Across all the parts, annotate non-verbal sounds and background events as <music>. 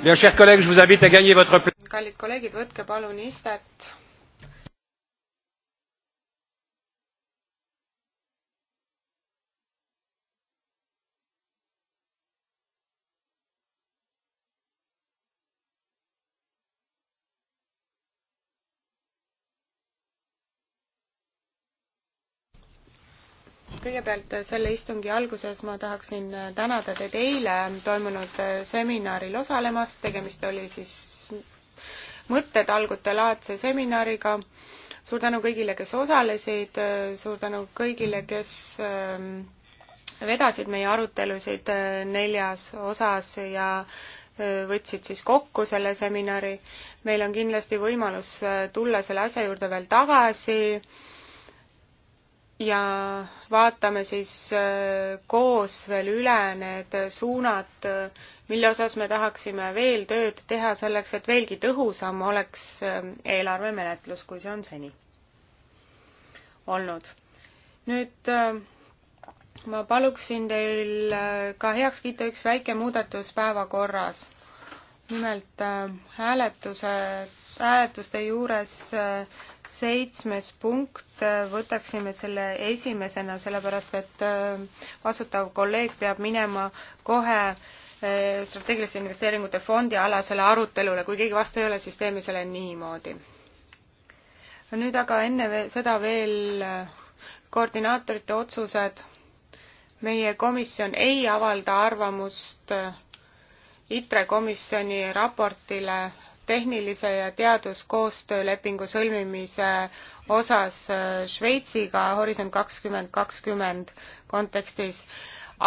kallid kolleegid, võtke palun istet. kõigepealt äh, selle istungi alguses ma tahaksin äh, tänada teid eile toimunud äh, seminaril osalemast, tegemist oli siis mõttetalgute laadse seminariga. suur tänu kõigile, kes osalesid, suur tänu kõigile, kes ähm, vedasid meie arutelusid neljas osas ja võtsid siis kokku selle seminari. meil on kindlasti võimalus tulla selle asja juurde veel tagasi ja vaatame siis äh, koos veel üle need suunad, äh, mille osas me tahaksime veel tööd teha selleks, et veelgi tõhusam oleks äh, eelarvemenetlus, kui see on seni olnud. nüüd ma paluksin teil ka heaks kiita üks väike muudatus päevakorras. nimelt hääletuse hääletuste juures äh, seitsmes punkt, äh, võtaksime selle esimesena, sellepärast et äh, vastutav kolleeg peab minema kohe strateegilise investeeringute fondi alasele arutelule, kui keegi vastu ei ole, siis teeme selle niimoodi. nüüd aga enne veel, seda veel koordinaatorite otsused. meie komisjon ei avalda arvamust ITRE komisjoni raportile tehnilise ja teaduskoostöölepingu sõlmimise osas äh, Šveitsiga Horisont kakskümmend kakskümmend kontekstis.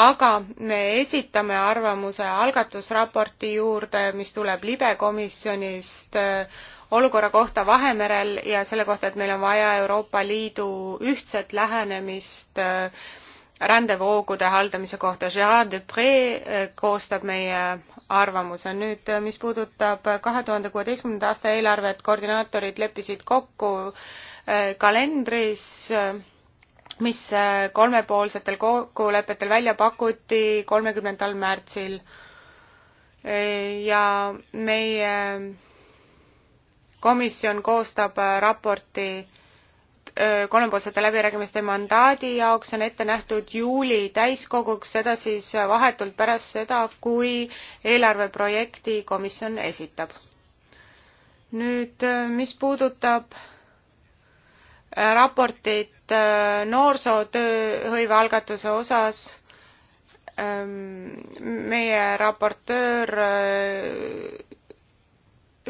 aga me esitame arvamuse algatusraporti juurde, mis tuleb libe komisjonist äh, olukorra kohta Vahemerel ja selle kohta, et meil on vaja Euroopa Liidu ühtset lähenemist äh, rändevoogude haldamise kohta. Gerard Depre eh, koostab meie arvamuse. nüüd, eh, mis puudutab kahe tuhande kuueteistkümnenda aasta eelarvet, koordinaatorid leppisid kokku eh, kalendris, mis kolmepoolsetel kokkulepetel välja pakuti kolmekümnendal märtsil. ja meie komisjon koostab raporti Äh, kolmepoolsete läbirääkimiste mandaadi jaoks on ette nähtud juuli täiskoguks, seda siis vahetult pärast seda, kui eelarveprojekti komisjon esitab. nüüd, äh, mis puudutab äh, raportit noorsootööhõive algatuse osas, ähm, meie raportöör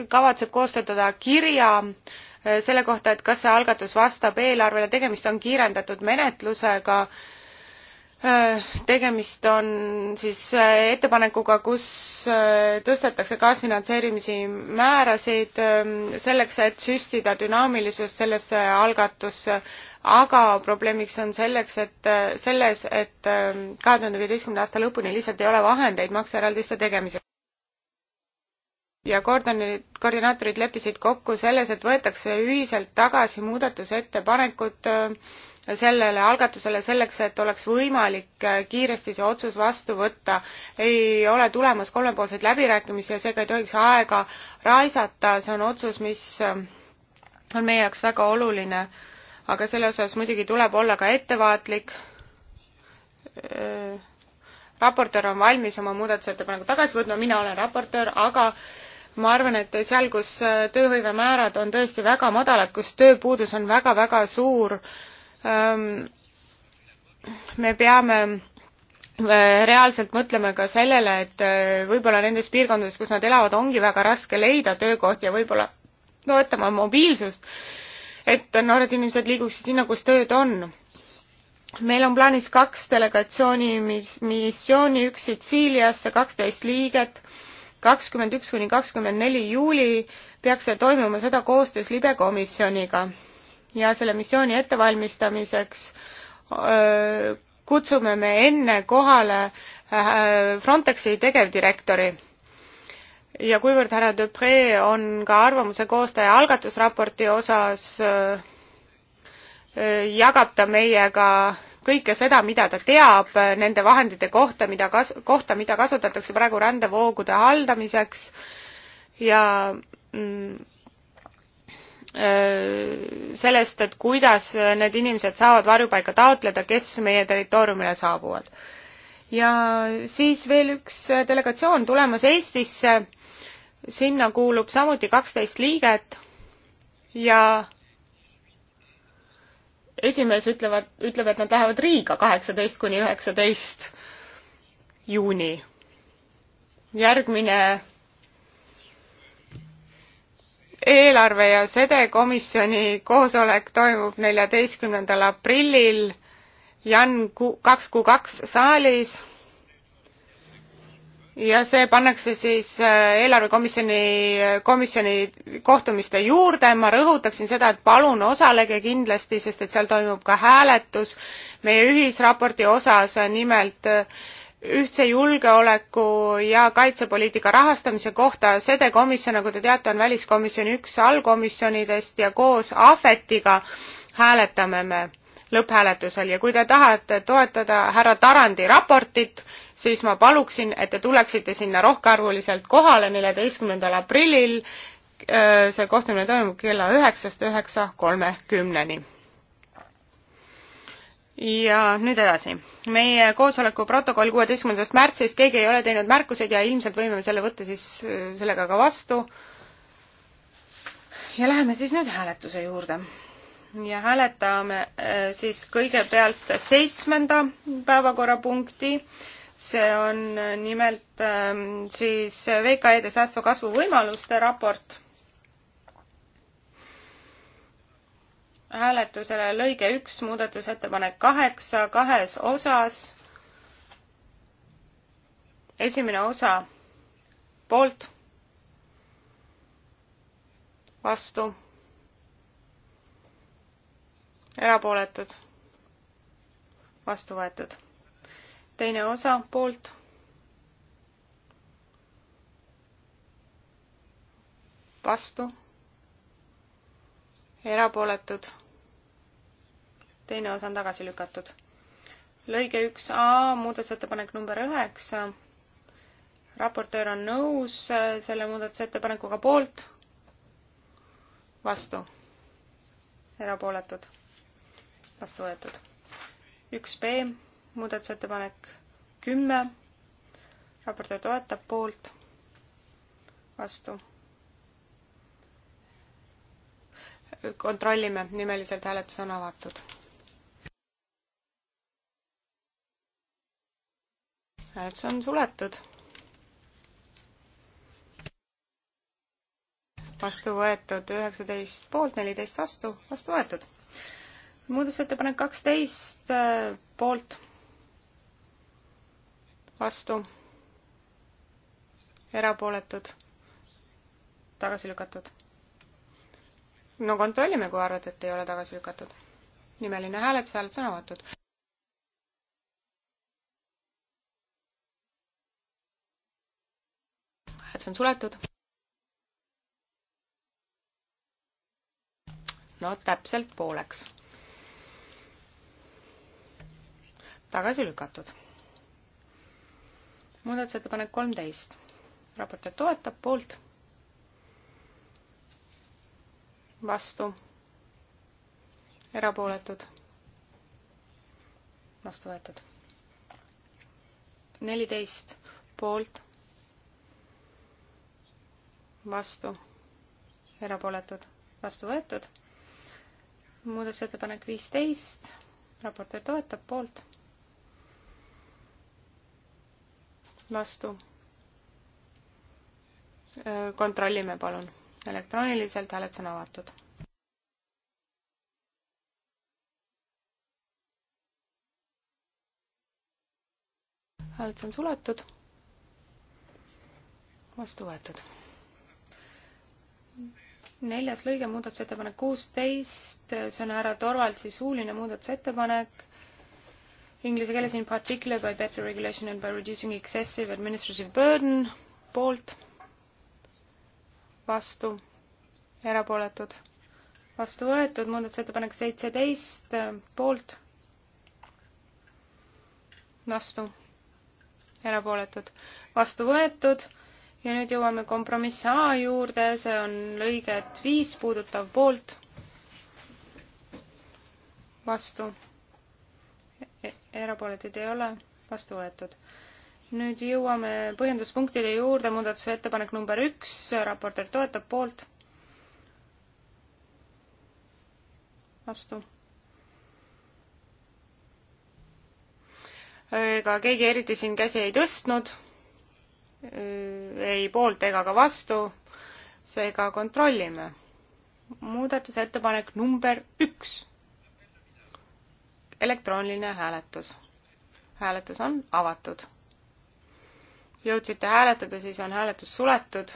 kavatseb koostada kirja Äh, selle kohta, et kas see algatus vastab eelarvele, tegemist on kiirendatud menetlusega, äh, tegemist on siis äh, ettepanekuga, kus tõstetakse kaasfinantseerimise määrasid ähm, selleks, et süstida dünaamilisust sellesse algatusse, aga probleemiks on selleks, et selles, et ähm, kahe tuhande viieteistkümnenda aasta lõpuni lihtsalt ei ole vahendeid makseeraldiste tegemiseks ja koordinaatorid, koordinaatorid leppisid kokku selles, et võetakse ühiselt tagasi muudatusettepanekud äh, sellele algatusele selleks, et oleks võimalik äh, kiiresti see otsus vastu võtta. ei ole tulemas kolmepoolseid läbirääkimisi ja seega ei tohiks aega raisata, see on otsus, mis äh, on meie jaoks väga oluline. aga selle osas muidugi tuleb olla ka ettevaatlik raportöör on valmis oma muudatusettepaneku tagasi võtma, mina olen raportöör, aga ma arvan, et seal, kus äh, tööhõivemäärad on tõesti väga madalad, kus tööpuudus on väga-väga suur, ähm, me peame äh, reaalselt mõtlema ka sellele, et äh, võib-olla nendes piirkondades, kus nad elavad, ongi väga raske leida töökohti ja võib-olla toetama mobiilsust, et noored inimesed liiguksid sinna, kus tööd on. meil on plaanis kaks delegatsiooni mis-, missiooni, üks Sitsiiliasse, kaksteist liiget kakskümmend üks kuni kakskümmend neli juuli peaks see toimuma, seda koostöös libe komisjoniga. ja selle missiooni ettevalmistamiseks öö, kutsume me enne kohale äh, Frontexi tegevdirektori ja kuivõrd härra Dupre on ka arvamuse koostaja algatusraporti osas, jagab ta meiega kõike seda, mida ta teab äh, nende vahendite kohta, mida kas-, kohta, mida kasutatakse praegu rändevoogude haldamiseks ja mm, äh, sellest, et kuidas need inimesed saavad varjupaika taotleda, kes meie territooriumile saabuvad. ja siis veel üks äh, delegatsioon tulemas Eestisse, sinna kuulub samuti kaksteist liiget ja esimees ütlevad, ütleb, et nad lähevad Riiga kaheksateist kuni üheksateist juuni. järgmine eelarve ja sede komisjoni koosolek toimub neljateistkümnendal aprillil Jan kaks kuu kaks saalis ja see pannakse siis äh, eelarvekomisjoni, äh, komisjoni kohtumiste juurde, ma rõhutaksin seda, et palun osalege kindlasti, sest et seal toimub ka hääletus meie ühisraporti osas, äh, nimelt ühtse julgeoleku ja kaitsepoliitika rahastamise kohta. sede komisjon, nagu te teate, on väliskomisjoni üks allkomisjonidest ja koos ahvetiga hääletame me lõpphääletusel ja kui te tahate toetada härra Tarandi raportit, siis ma paluksin, et te tuleksite sinna rohkearvuliselt kohale neljateistkümnendal aprillil. Äh, see kohtumine toimub kella üheksast üheksa kolmekümneni. ja nüüd edasi. meie koosoleku protokoll kuueteistkümnendast märtsist, keegi ei ole teinud märkuseid ja ilmselt võime selle võtta siis äh, sellega ka vastu. ja läheme siis nüüd hääletuse juurde ja hääletame äh, siis kõigepealt seitsmenda päevakorrapunkti. see on äh, nimelt ähm, siis VKE-de säästva kasvu võimaluste raport. hääletusele lõige üks, muudatusettepanek kaheksa, kahes osas. esimene osa poolt, vastu erapooletud, vastu võetud. teine osa poolt. vastu, erapooletud. teine osa on tagasi lükatud. lõige üks A, muudatusettepanek number üheksa. raportöör on nõus äh, selle muudatusettepanekuga poolt, vastu, erapooletud vastu võetud. üks B muudatusettepanek kümme, raportöör toetab poolt, vastu. kontrollime, nimeliselt hääletus on avatud. hääletus on suletud. vastu võetud üheksateist poolt, neliteist vastu, vastu võetud muudatusettepanek kaksteist äh, poolt, vastu, erapooletud, tagasi lükatud. no kontrollime, kui arvad, et ei ole tagasi lükatud. nimeline hääletus, hääletus on avatud. hääletus on suletud. no täpselt pooleks tagasi lükatud. muudatusettepanek kolmteist, raportöör toetab, poolt, vastu, erapooletud, vastu võetud. neliteist, poolt, vastu, erapooletud, vastu võetud muudatusettepanek viisteist, raportöör toetab, poolt vastu. Äh, kontrollime palun. elektrooniliselt hääled on avatud. hääled on suletud. vastu võetud. neljas lõige muudatusettepanek kuusteist, see on härra Torvaldsi suuline muudatusettepanek Inglise keeles in particular by better regulation and by reducing excessive administrative burden poolt, vastu, erapooletud, vastu võetud, muudatusettepanek seitseteist poolt, vastu, erapooletud, vastu võetud ja nüüd jõuame kompromiss A juurde, see on lõiget viis puudutav poolt, vastu erapooletuid ei ole, vastu võetud. nüüd jõuame põhjenduspunktide juurde, muudatusettepanek number üks, raportöör toetab poolt. vastu. ega keegi eriti siin käsi ei tõstnud, ei poolt ega ka vastu, seega kontrollime. muudatusettepanek number üks elektrooniline hääletus. hääletus on avatud. jõudsite hääletada, siis on hääletus suletud.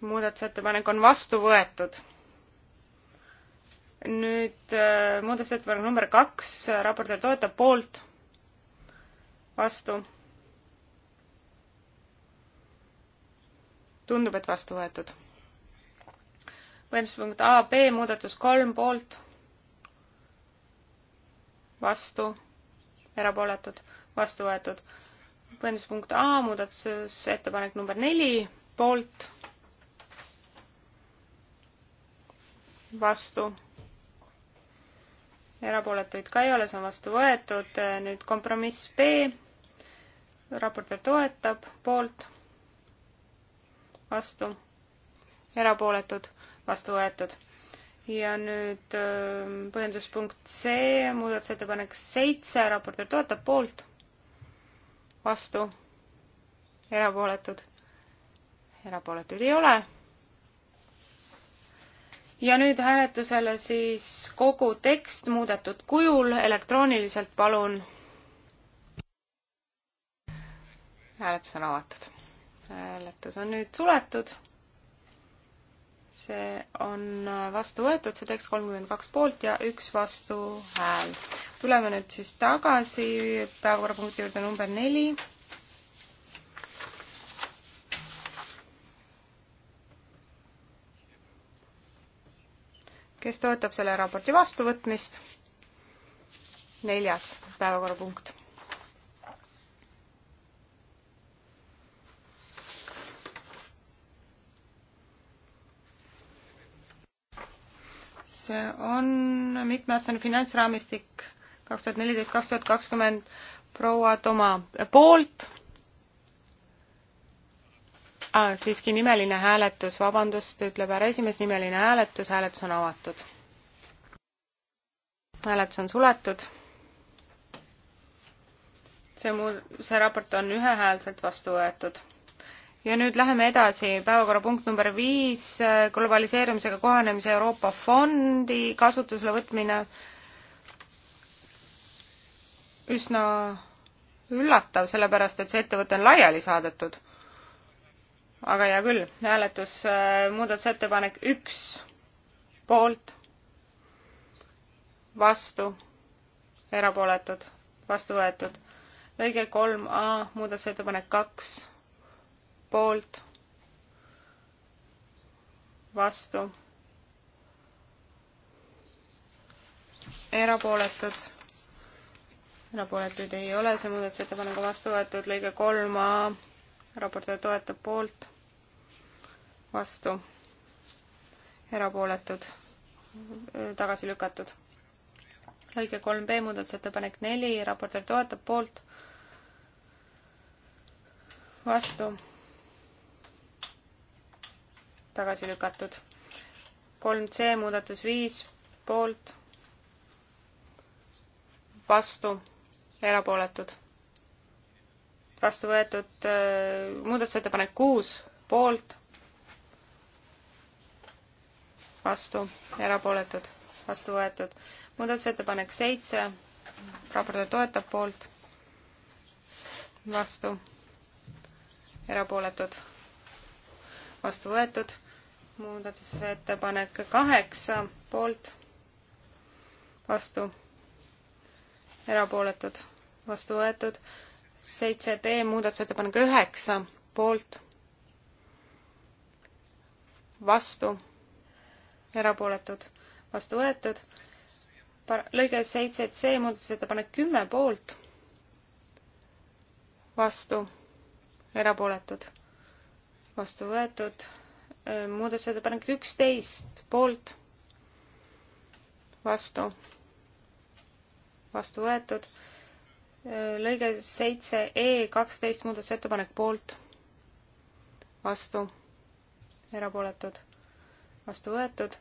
muudatusettepanek on vastu võetud. nüüd äh, muudatusettepanek number kaks, raportöör toetab poolt, vastu. tundub, et vastu võetud. põhjenduspunkt A, B, muudatus kolm poolt vastu, erapooletud, vastu võetud. põhjenduspunkt A, muudatusettepanek number neli, poolt, vastu, erapooletuid ka ei ole, see on vastu võetud, nüüd kompromiss B, raportöör toetab, poolt, vastu, erapooletud, vastu võetud ja nüüd ähm, põhjenduspunkt C, muudatusettepanek seitse, raportöör toetab poolt, vastu, erapooletud, erapooletuid ei ole. ja nüüd hääletusele siis kogu tekst muudetud kujul elektrooniliselt, palun. hääletus on avatud. hääletus on nüüd suletud see on vastu võetud, see tekst kolmkümmend kaks poolt ja üks vastuhääl. tuleme nüüd siis tagasi päevakorrapunkti juurde number neli. kes toetab selle raporti vastuvõtmist? neljas päevakorrapunkt on mitmeaastane finantsraamistik kaks tuhat neliteist, kaks tuhat kakskümmend proua Toma poolt ah,. siiski nimeline hääletus, vabandust, ütleb härra esimees, nimeline hääletus, hääletus on avatud. hääletus on suletud. see muu, see raport on ühehäälselt vastu võetud ja nüüd läheme edasi, päevakorrapunkt number viis, globaliseerumisega kohanemise Euroopa Fondi kasutusele võtmine. üsna üllatav, sellepärast et see ettevõte on laiali saadetud. aga hea küll, hääletus, äh, muudatusettepanek üks, poolt, vastu, erapooletud, vastu võetud. lõige kolm A, muudatusettepanek kaks poolt, vastu, erapooletud, erapooletuid ei ole, see muudatusettepanek on vastu võetud, lõige kolm A, raportöör toetab poolt, vastu, erapooletud, tagasi lükatud. lõige kolm B, muudatusettepanek neli, raportöör toetab poolt, vastu tagasi lükatud. kolm C muudatus viis poolt, vastu, erapooletud. vastu võetud äh, muudatusettepanek kuus poolt, vastu, erapooletud, vastu võetud. muudatusettepanek seitse, raportöör toetab poolt, vastu, erapooletud, vastu võetud muudatusettepanek kaheksa poolt, vastu, erapooletud, vastu võetud. seitse B muudatusettepanek üheksa poolt, vastu, erapooletud, vastu võetud. lõige seitse C muudatusettepanek kümme poolt, vastu, erapooletud, vastu võetud Äh, muudatusettepanek üksteist poolt, vastu, vastu võetud. Äh, lõige seitse E kaksteist muudatusettepanek poolt, vastu, erapooletud, vastu võetud.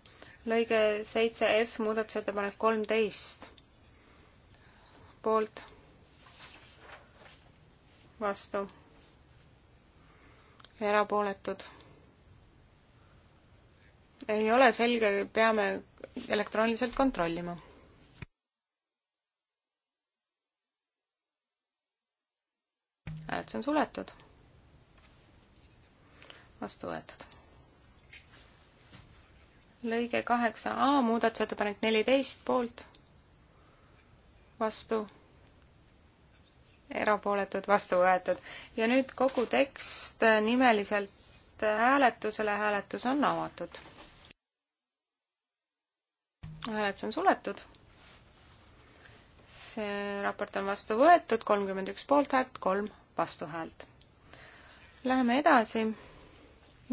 lõige seitse F muudatusettepanek kolmteist poolt, vastu, erapooletud ei ole selge, peame elektrooniliselt kontrollima. hääletus on suletud. vastu võetud. lõige kaheksa A, muudatusettepanek neliteist poolt, vastu, erapooletud, vastu võetud. ja nüüd kogu tekst nimeliselt hääletusele, hääletus on avatud hääletus on suletud. see raport on vastu võetud, kolmkümmend üks poolthäält, kolm vastuhäält. Läheme edasi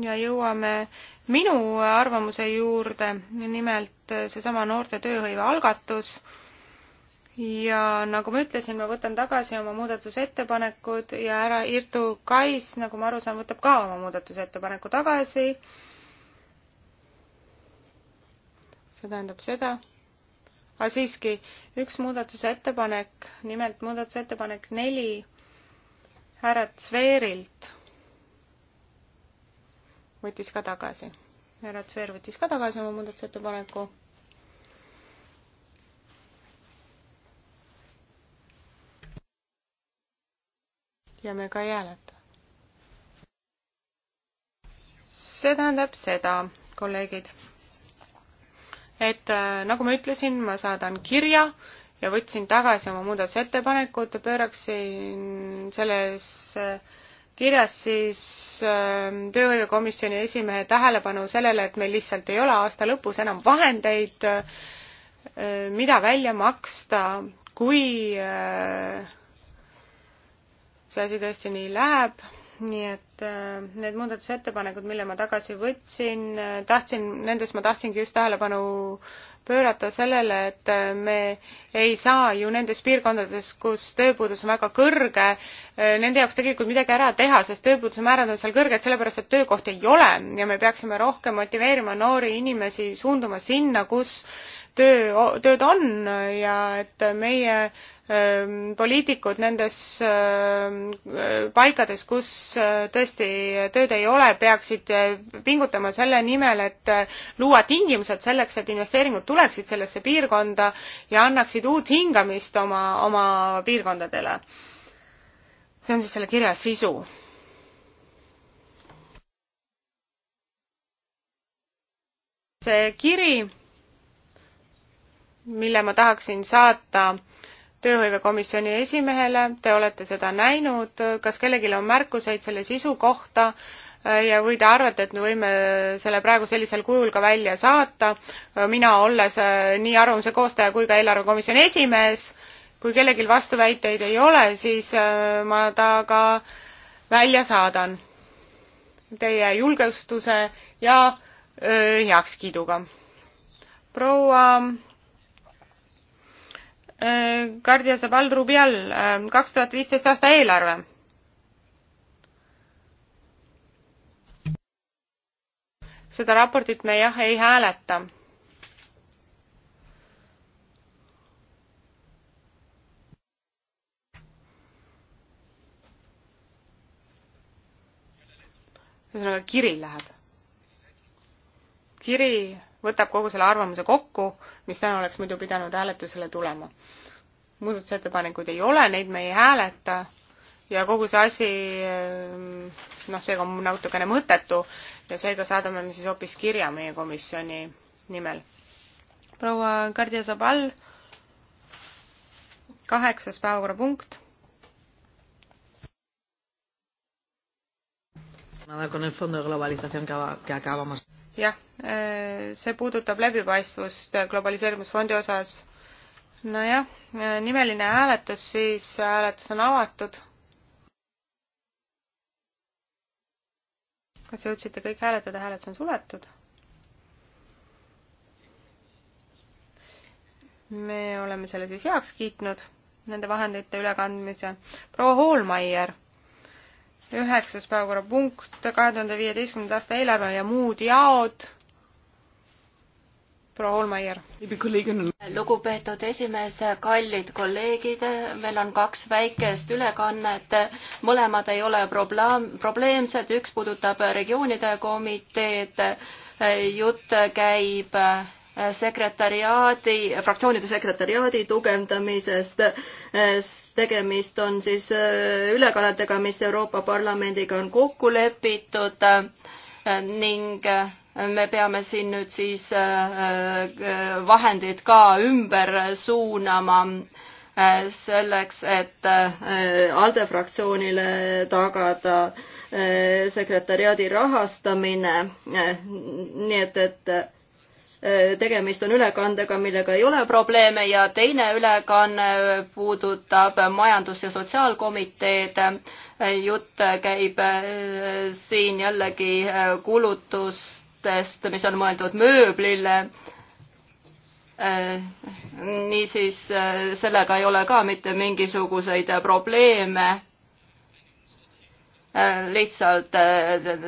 ja jõuame minu arvamuse juurde, nimelt seesama noorte tööhõive algatus. ja nagu ma ütlesin, ma võtan tagasi oma muudatusettepanekud ja härra Irtu Kais, nagu ma aru saan, võtab ka oma muudatusettepaneku tagasi see tähendab seda, aga siiski üks muudatusettepanek, nimelt muudatusettepanek neli härra Zveerilt võttis ka tagasi. härra Zver võttis ka tagasi oma muudatusettepaneku ja me ka ei hääleta. see tähendab seda, kolleegid, et äh, nagu ma ütlesin, ma saadan kirja ja võtsin tagasi oma muudatusettepanekud, pööraksin selles äh, kirjas siis äh, tööhõivekomisjoni esimehe tähelepanu sellele, et meil lihtsalt ei ole aasta lõpus enam vahendeid, mida välja maksta, kui see asi tõesti nii läheb nii et äh, need muudatusettepanekud, mille ma tagasi võtsin, äh, tahtsin, nendes ma tahtsingi just tähelepanu pöörata sellele, et äh, me ei saa ju nendes piirkondades, kus tööpuudus on väga kõrge, nende jaoks tegelikult midagi ära teha, sest tööpuuduse määrad on seal kõrged, sellepärast et töökohti ei ole ja me peaksime rohkem motiveerima noori inimesi suunduma sinna, kus töö, tööd on ja et meie Ähm, poliitikud nendes ähm, äh, paikades, kus äh, tõesti tööd ei ole, peaksid äh, pingutama selle nimel, et luua tingimused selleks, et investeeringud tuleksid sellesse piirkonda ja annaksid uut hingamist oma, oma piirkondadele. see on siis selle kirja sisu see kiri, mille ma tahaksin saata tööhõivekomisjoni esimehele, te olete seda näinud, kas kellelgi on märkuseid selle sisu kohta ja või te arvate, et me võime selle praegu sellisel kujul ka välja saata, mina olles äh, nii arvamuse koostaja kui ka eelarvekomisjoni esimees, kui kellelgi vastuväiteid ei ole, siis äh, ma ta ka välja saadan teie julgestuse ja äh, heakskiiduga. proua Äh, Guardia Zabal Rubial, äh, kaks tuhat viisteist aasta eelarve. seda raportit me jah ei hääleta ühesõnaga kiri läheb. kiri võtab kogu selle arvamuse kokku, mis täna oleks muidu pidanud hääletusele tulema. muudatusettepanekuid ei ole, neid me ei hääleta ja kogu see asi ehm, noh, seega on natukene mõttetu ja seega saadame me siis hoopis kirja meie komisjoni nimel. proua Kardia Sabal, kaheksas päevakorrapunkt. nada con el fondo de globalización que acabamos jah, eh, see puudutab läbipaistvust globaliseerimisfondi osas. nojah, eh, nimeline hääletus, siis hääletus on avatud. kas jõudsite kõik hääletada, hääletus on suletud? me oleme selle siis heaks kiitnud, nende vahendite ülekandmise. proua Hoolmeier üheksas päevakorrapunkt, kahe tuhande viieteistkümnenda aasta eelarve ja muud jaod. proua Holmeier. lugupeetud esimees, kallid kolleegid, meil on kaks väikest ülekannet, mõlemad ei ole probleem, probleemsed, üks puudutab regioonide komiteed, jutt käib sekretariaadi, fraktsioonide sekretariaadi tugevdamisest. tegemist on siis äh, ülekannetega, mis Euroopa Parlamendiga on kokku lepitud äh, ning äh, me peame siin nüüd siis vahendid ka ümber suunama selleks, et ALDE fraktsioonile tagada sekretäriaadi rahastamine. nii et, et Äh, tegemist on ülekandega, millega ei ole probleeme ja teine ülekanne puudutab majandus- ja sotsiaalkomiteed. Äh, jutt käib äh, siin jällegi kulutustest, mis on mõeldud mööblile. niisiis sellega ei ole ka mitte mingisuguseid probleeme lihtsalt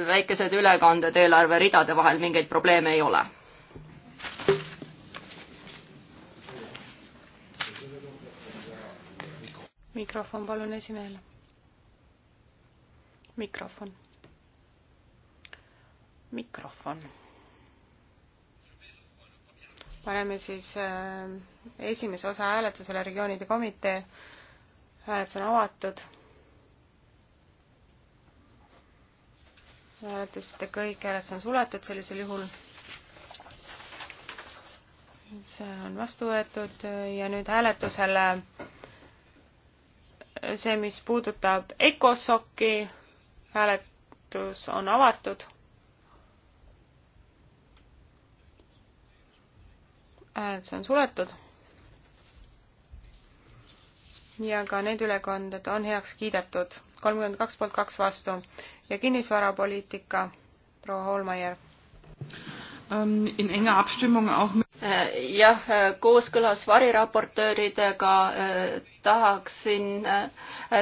väikesed ülekanded eelarveridade vahel, mingeid probleeme ei ole mikrofon palun esimehele. mikrofon. mikrofon. paneme siis äh, esimese osa hääletusele regioonide komitee. hääletus on avatud. hääletasite kõik, hääletus on suletud sellisel juhul see on vastu võetud ja nüüd hääletusele see, mis puudutab ECOSOC-i, hääletus on avatud. hääletus on suletud. ja ka need ülekanded on heaks kiidetud, kolmkümmend kaks poolt kaks vastu ja kinnisvarapoliitika, proua Hoolmeier um,. Ähm, in enger Abstimmung auch mit Äh, jah, äh, kooskõlas variraportööridega äh, tahaksin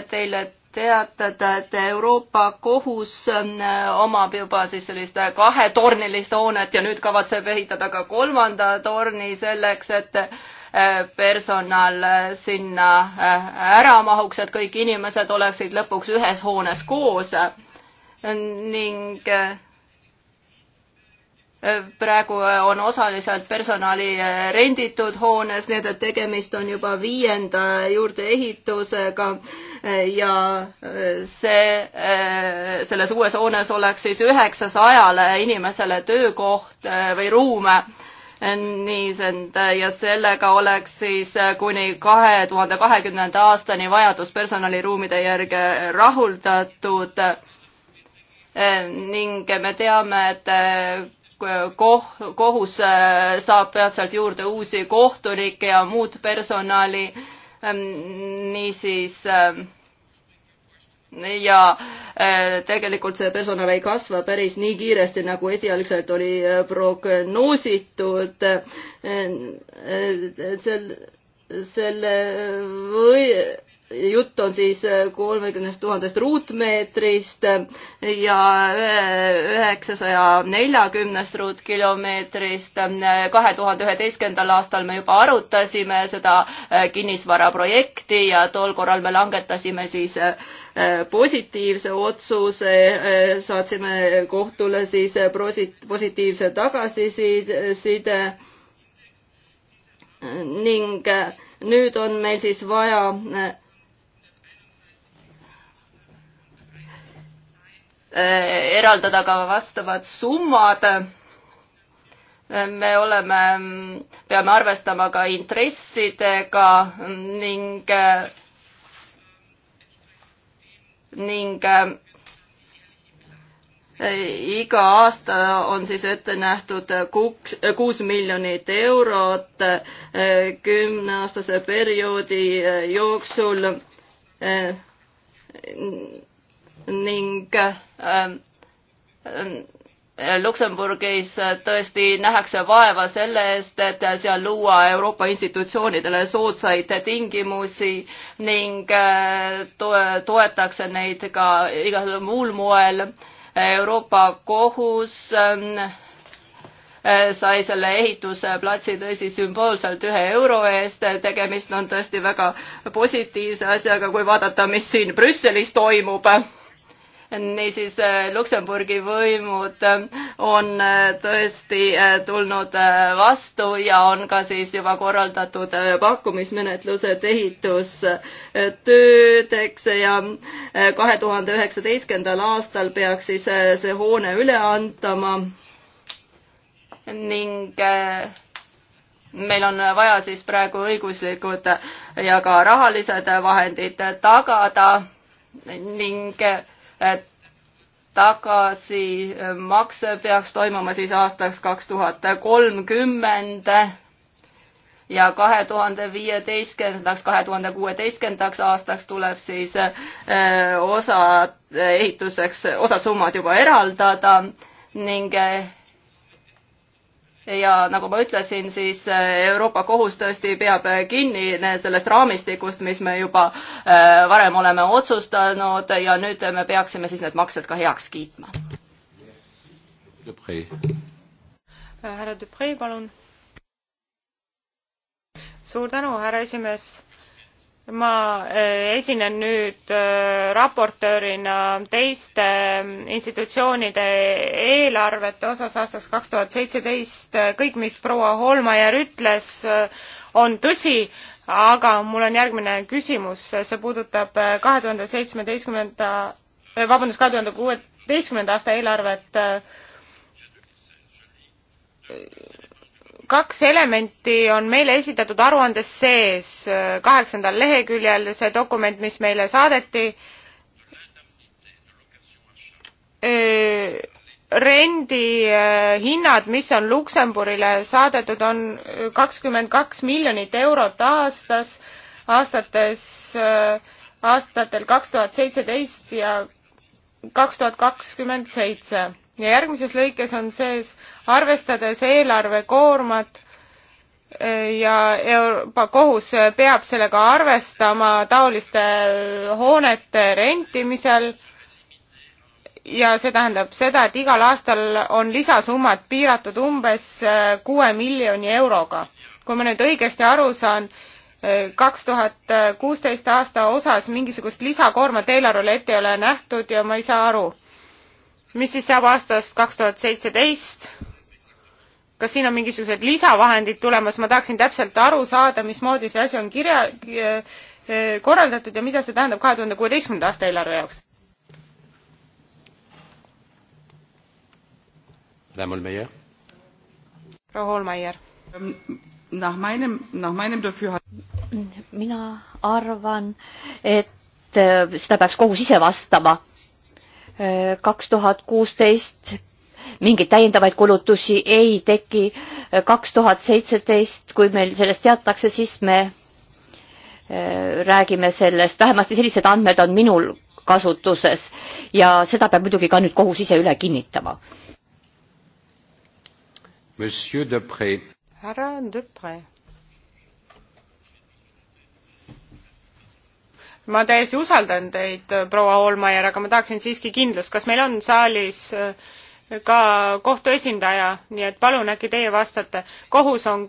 teile teatada, et Euroopa Kohus omab juba siis sellist kahetornilist hoonet ja nüüd kavatseb ehitada ka kolmanda torni selleks, et personal sinna ära mahuks, et kõik inimesed oleksid lõpuks ühes hoones koos ning praegu on osaliselt personali renditud hoones, nii et tegemist on juba viienda juurdeehitusega ja see, selles uues hoones oleks siis üheksasajale inimesele töökoht või ruum nii, ja sellega oleks siis kuni kahe tuhande kahekümnenda aastani vajadus personaliruumide järge rahuldatud. ning me teame, et koh-, kohus äh, saab peatselt juurde uusi kohtunikke ja muud personali. Ähm, niisiis ähm, ja äh, tegelikult see personal ei kasva päris nii kiiresti, nagu esialgselt oli äh, prognoositud. sel, selle või jutt on siis äh, kolmekümnest tuhandest ruutmeetrist ja üheksasaja neljakümnest ruutkilomeetrist. kahe tuhande üheteistkümnendal aastal me juba arutasime seda äh, kinnisvaraprojekti ja tol korral me langetasime siis äh, positiivse otsuse, saatsime kohtule siis positiivse tagasiside ning nüüd on meil siis vaja Äh, eraldada ka vastavad summad. me oleme, peame arvestama ka intressidega ning, ning äh, iga aasta on siis ette nähtud kuks, kuus miljonit eurot äh, kümneaastase perioodi jooksul ning ähm, ähm, Luksemburgis äh, tõesti nähakse vaeva selle eest, et seal luua Euroopa institutsioonidele soodsaid tingimusi ning äh, toetakse neid ka igal muul moel. Euroopa Kohus ähm, äh, sai selle ehitusplatsi tõsi sümboolselt ühe euro eest, tegemist on tõesti väga positiivse asjaga, kui vaadata, mis siin Brüsselis toimub niisiis äh, Luksemburgi võimud äh, on äh, tõesti tulnud vastu ja on ka siis juba korraldatud pakkumismenetlused ehitustöödeks ja kahe tuhande üheksateistkümnendal aastal peaks siis see hoone üle antama ning meil on vaja siis praegu õiguslikud ja ka rahalised vahendid tagada ning tagasimakse äh, peaks toimuma siis aastaks kaks tuhat kolmkümmend ja kahe tuhande viieteistkümnendaks, kahe tuhande kuueteistkümnendaks aastaks tuleb siis äh, osa ehituseks, osad summad juba eraldada ning äh, ja nagu ma ütlesin, siis äh, Euroopa Kohus tõesti peab äh, kinni sellest raamistikust, mis me juba äh, varem oleme otsustanud ja nüüd me peaksime siis need maksed ka heaks kiitma. härra Dupree, palun. suur tänu, härra esimees ma eh, esinen nüüd eh, raportöörina teiste eh, institutsioonide eelarvete osas aastaks kaks tuhat seitseteist kõik mis proua holmeier ütles on tõsi aga mul on järgmine küsimus see puudutab kahe tuhande seitsmeteistkümnenda vabandust kahe tuhande kuueteistkümnenda aasta eelarvet kaks elementi on meile esitatud aruandes sees kaheksandal leheküljel, see dokument, mis meile saadeti. rendihinnad, mis on Luksemburile saadetud, on kakskümmend kaks miljonit eurot aastas, aastates, aastatel kaks tuhat seitseteist ja kaks tuhat kakskümmend seitse ja järgmises lõikes on sees, arvestades eelarvekoormat eh, ja Euroopa Kohus peab sellega arvestama taoliste eh, hoonete rentimisel ja see tähendab seda, et igal aastal on lisasummad piiratud umbes eh, kuue miljoni euroga. kui ma nüüd õigesti aru saan, kaks tuhat kuusteist aasta osas mingisugust lisakoormat eelarvele ette ei ole nähtud ja ma ei saa aru mis siis saab aastast kaks tuhat seitseteist? kas siin on mingisugused lisavahendid tulemas, ma tahaksin täpselt aru saada, mismoodi see asi on kirja, e, korraldatud ja mida see tähendab kahe tuhande kuueteistkümnenda aasta eelarve jaoks? proua Hoolmeier. Ähm, mina arvan, et äh, seda peaks kohus ise vastama kaks tuhat kuusteist mingeid täiendavaid kulutusi ei teki. kaks tuhat seitseteist, kui meil sellest teatakse, siis me äh, räägime sellest, vähemasti sellised andmed on minul kasutuses ja seda peab muidugi ka nüüd kohus ise üle kinnitama. härra Dupre. ma täiesti usaldan teid, proua Hoolmeier, aga ma tahaksin siiski kindlust, kas meil on saalis äh, ka kohtu esindaja, nii et palun äkki teie vastate. kohus on,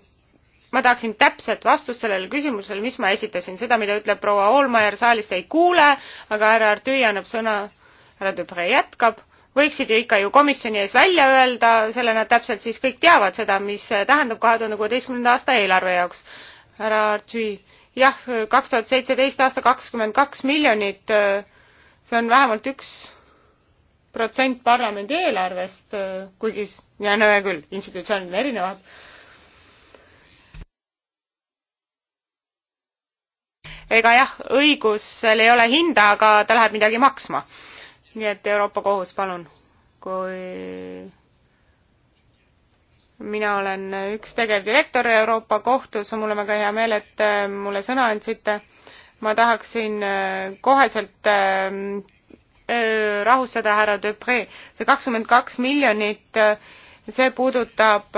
ma tahaksin täpset vastust sellele küsimusele, mis ma esitasin, seda, mida ütleb proua Hoolmeier, saalist ei kuule, aga härra Artüi annab sõna, härra Dubre jätkab võiksid ju ikka ju komisjoni ees välja öelda, selle nad täpselt siis kõik teavad seda, mis tähendab kahe tuhande kuueteistkümnenda aasta eelarve jaoks. härra Artüi, jah, kaks tuhat seitseteist aasta kakskümmend kaks miljonit, äh, see on vähemalt üks protsent parlamendi eelarvest, äh, kuigi ja no hea küll, institutsioonid on erinevad. ega jah, õigusel ei ole hinda, aga ta läheb midagi maksma. nii et Euroopa Kohus, palun, kui mina olen üks tegevdirektor Euroopa Kohtus, mul on väga hea meel, et äh, mulle sõna andsite. ma tahaksin äh, koheselt ähm, äh, rahustada härra Depre, see kakskümmend kaks miljonit, see puudutab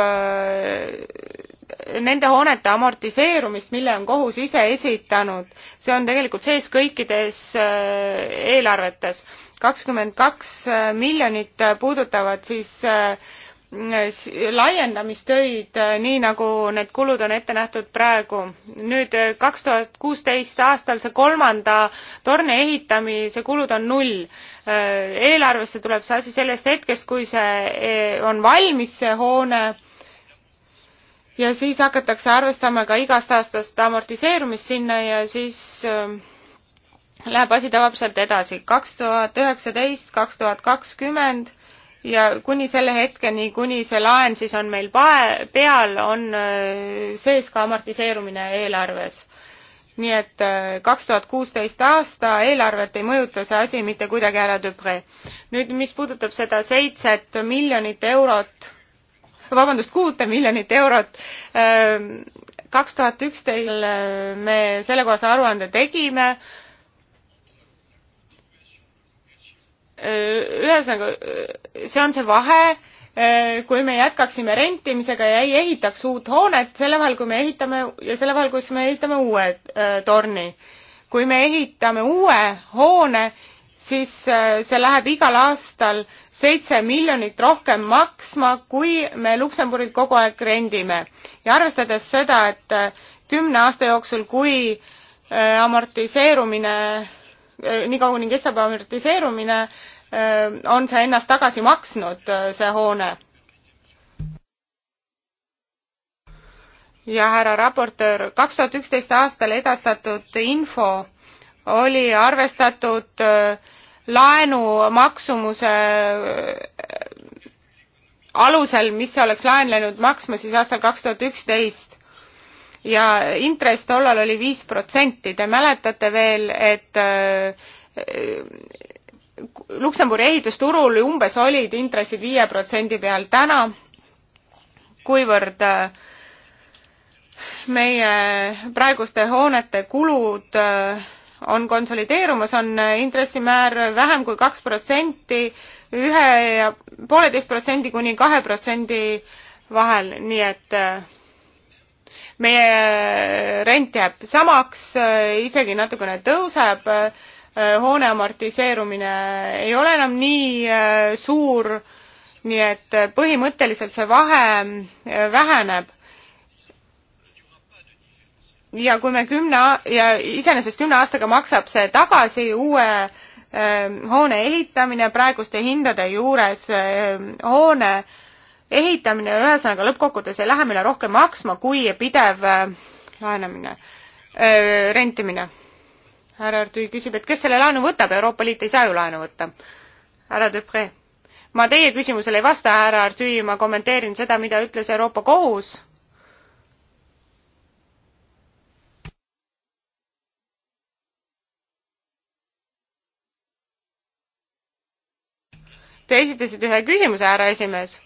nende hoonete amortiseerumist, mille on kohus ise esitanud. see on tegelikult sees kõikides eelarvetes. kakskümmend kaks miljonit puudutavad siis äh, laiendamistöid, äh, nii nagu need kulud on ette nähtud praegu. nüüd äh, kaks tuhat kuusteist aastal see kolmanda torni ehitamise kulud on null. Äh, eelarvesse tuleb see asi sellest hetkest, kui see on valmis, see hoone, ja siis hakatakse arvestama ka igast aastast amortiseerumist sinna ja siis läheb asi tavapäraselt edasi. kaks tuhat üheksateist, kaks tuhat kakskümmend ja kuni selle hetkeni, kuni see laen siis on meil pae-, peal, on äh, sees ka amortiseerumine eelarves. nii et äh, kaks tuhat kuusteist aasta eelarvet ei mõjuta see asi mitte kuidagi ära Dupree. nüüd, mis puudutab seda seitset miljonit eurot, vabandust, kuute miljonit eurot, äh, kaks tuhat üksteist me sellekohase aruande tegime Äh, ühesõnaga, äh, see on see vahe, äh, kui me jätkaksime rentimisega ja ei ehitaks uut hoonet, selle vahel, kui me ehitame ja selle vahel, kus me ehitame uue torni. kui me ehitame uue hoone, siis see läheb igal aastal seitse miljonit rohkem maksma, kui me Luksemburgilt kogu aeg rendime. ja arvestades seda, et kümne aasta jooksul, kui amortiseerumine, nii kaua kuni kestab amortiseerumine, Äh, on see ennast tagasi maksnud, äh, see hoone? ja härra raportöör, kaks tuhat üksteist aastal edastatud info oli arvestatud äh, laenu maksumuse alusel, mis oleks laen läinud maksma siis aastal kaks tuhat üksteist ja intress tollal oli viis protsenti. Te mäletate veel, et Luksemburgi ehitusturul umbes olid intressid viie protsendi peal täna, kuivõrd äh, meie praeguste hoonete kulud äh, on konsolideerumas, on äh, intressimäär vähem kui kaks protsenti, ühe ja pooleteist protsendi kuni kahe protsendi vahel, nii et meie rent jääb samaks, isegi natukene tõuseb Eh, hoone amortiseerumine ei ole enam nii eh, suur, nii et eh, põhimõtteliselt see vahe väheneb. ja kui me kümne ja iseenesest kümne aastaga maksab see tagasi uue hoone ehitamine praeguste hindade juures, hoone ehitamine, ühesõnaga lõppkokkuvõttes ei lähe meile rohkem maksma kui pidev laenamine, rentimine härra Artüi küsib, et kes selle laenu võtab, Euroopa Liit ei saa ju laenu võtta. härra Dupre, ma teie küsimusele ei vasta, härra Artüi, ma kommenteerin seda, mida ütles Euroopa Kohus Te esitasite ühe küsimuse, härra esimees.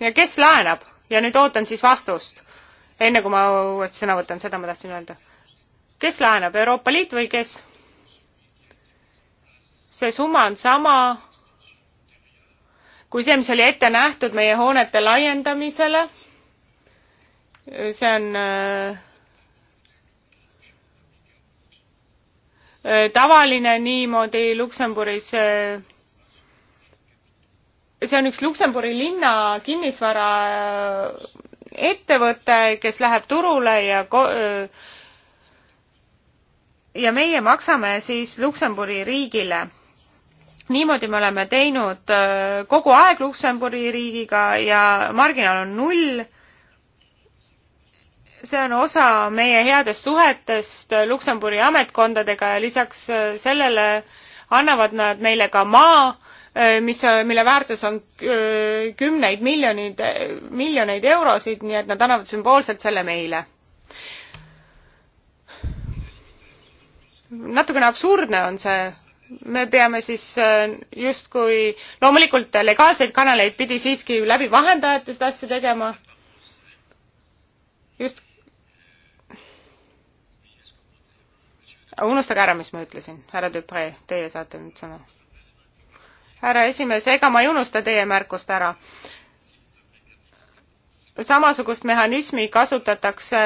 ja kes laenab? ja nüüd ootan siis vastust. enne kui ma uuesti sõna võtan, seda ma tahtsin öelda. kes laenab, Euroopa Liit või kes? see summa on sama kui see, mis oli ette nähtud meie hoonete laiendamisele. see on äh, tavaline niimoodi Luksemburgis. Äh, see on üks Luksemburgi linna kinnisvara äh, ettevõte, kes läheb turule ja ko-, ja meie maksame siis Luksemburgi riigile niimoodi me oleme teinud äh, kogu aeg Luksemburgi riigiga ja marginaal on null. see on osa meie headest suhetest Luksemburgi ametkondadega ja lisaks äh, sellele annavad nad meile ka maa, äh, mis, mille väärtus on kümneid miljoneid, miljoneid eurosid, nii et nad annavad sümboolselt selle meile natukene absurdne on see me peame siis äh, justkui, loomulikult legaalseid kanaleid pidi siiski läbi vahendajate seda asja tegema. just. unustage ära, mis ma ütlesin, härra Dupre, teie saate nüüd sõna. härra esimees, ega ma ei unusta teie märkust ära samasugust mehhanismi kasutatakse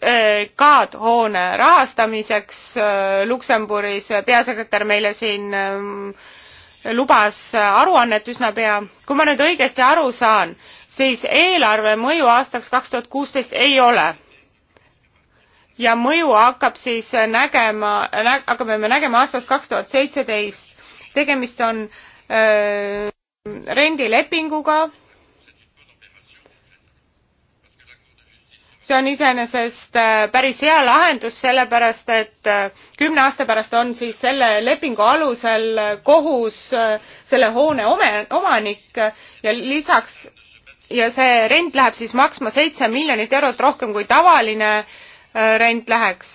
Eh, kaad hoone rahastamiseks eh, Luksemburis, peasekretär meile siin eh, lubas aruannet üsna pea. kui ma nüüd õigesti aru saan, siis eelarve mõju aastaks kaks tuhat kuusteist ei ole. ja mõju hakkab siis nägema nä,, hakkame me nägema aastast kaks tuhat seitseteist. tegemist on öö, rendilepinguga see on iseenesest äh, päris hea lahendus, sellepärast et äh, kümne aasta pärast on siis selle lepingu alusel äh, kohus selle hoone ome-, omanik ja lisaks ja see rent läheb siis maksma seitse miljonit eurot rohkem kui tavaline äh, Äh, rent läheks.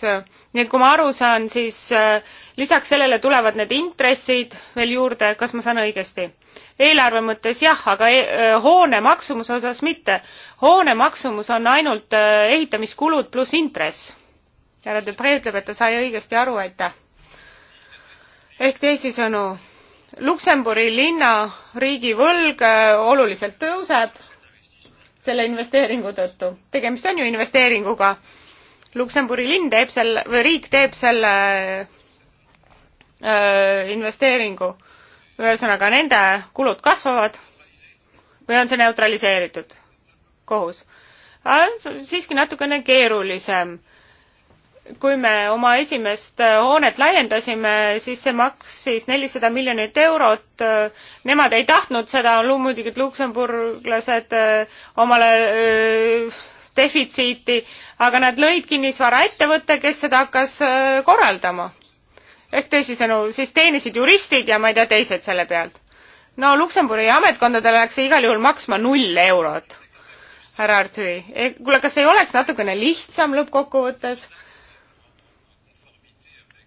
nii et kui ma aru saan, siis äh, lisaks sellele tulevad need intressid veel juurde, kas ma saan õigesti? eelarve mõttes jah, aga e äh, hoone maksumuse osas mitte. hoone maksumus on ainult ehitamiskulud pluss intress. härra Dupre ütleb, et ta sai õigesti aru, aitäh. ehk teisisõnu, Luksemburi linna riigivõlg oluliselt tõuseb selle investeeringu tõttu. tegemist on ju investeeringuga Luksemburi linn teeb selle või riik teeb selle öö, investeeringu. ühesõnaga, nende kulud kasvavad või on see neutraliseeritud kohus? siiski natukene keerulisem. kui me oma esimest hoonet laiendasime, siis see maksis nelisada miljonit eurot. Nemad ei tahtnud seda, muidugi luksemburglased omale öö, defitsiiti, aga nad lõid kinnisvaraettevõtte, kes seda hakkas äh, korraldama. ehk teisisõnu, siis teenisid juristid ja ma ei tea, teised selle pealt. no Luksemburgi ametkondadele läks see igal juhul maksma null eurot, härra Artüi. E, kuule, kas ei oleks natukene lihtsam lõppkokkuvõttes?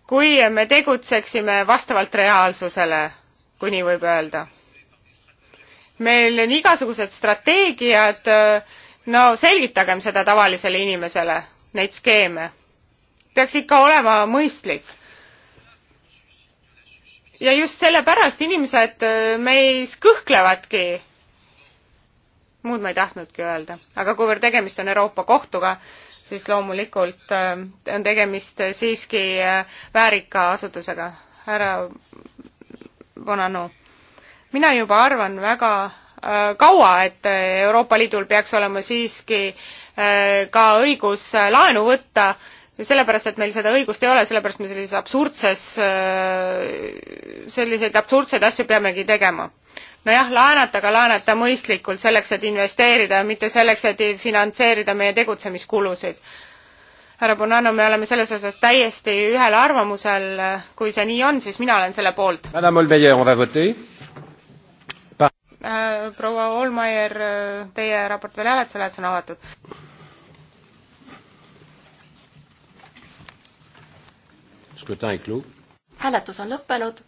kui me tegutseksime vastavalt reaalsusele, kui nii võib öelda. meil on igasugused strateegiad äh, no selgitagem seda tavalisele inimesele, neid skeeme. peaks ikka olema mõistlik. ja just sellepärast inimesed äh, meis kõhklevadki. muud ma ei tahtnudki öelda, aga kuivõrd tegemist on Euroopa Kohtuga, siis loomulikult äh, on tegemist siiski äh, väärika asutusega. härra Bonanno, mina juba arvan väga Äh, kaua, et Euroopa Liidul peaks olema siiski äh, ka õigus äh, laenu võtta, sellepärast et meil seda õigust ei ole, sellepärast me sellises absurdses, selliseid absurdseid asju peamegi tegema. nojah, laenata, aga laenata mõistlikult, selleks et investeerida, mitte selleks, et finantseerida meie tegutsemiskulusid härra Bonanno, me oleme selles osas täiesti ühel arvamusel, kui see nii on, siis mina olen selle poolt. Äh, proua Olmaier, teie raport veel hääletusele, hääletus on avatud. hääletus on lõppenud.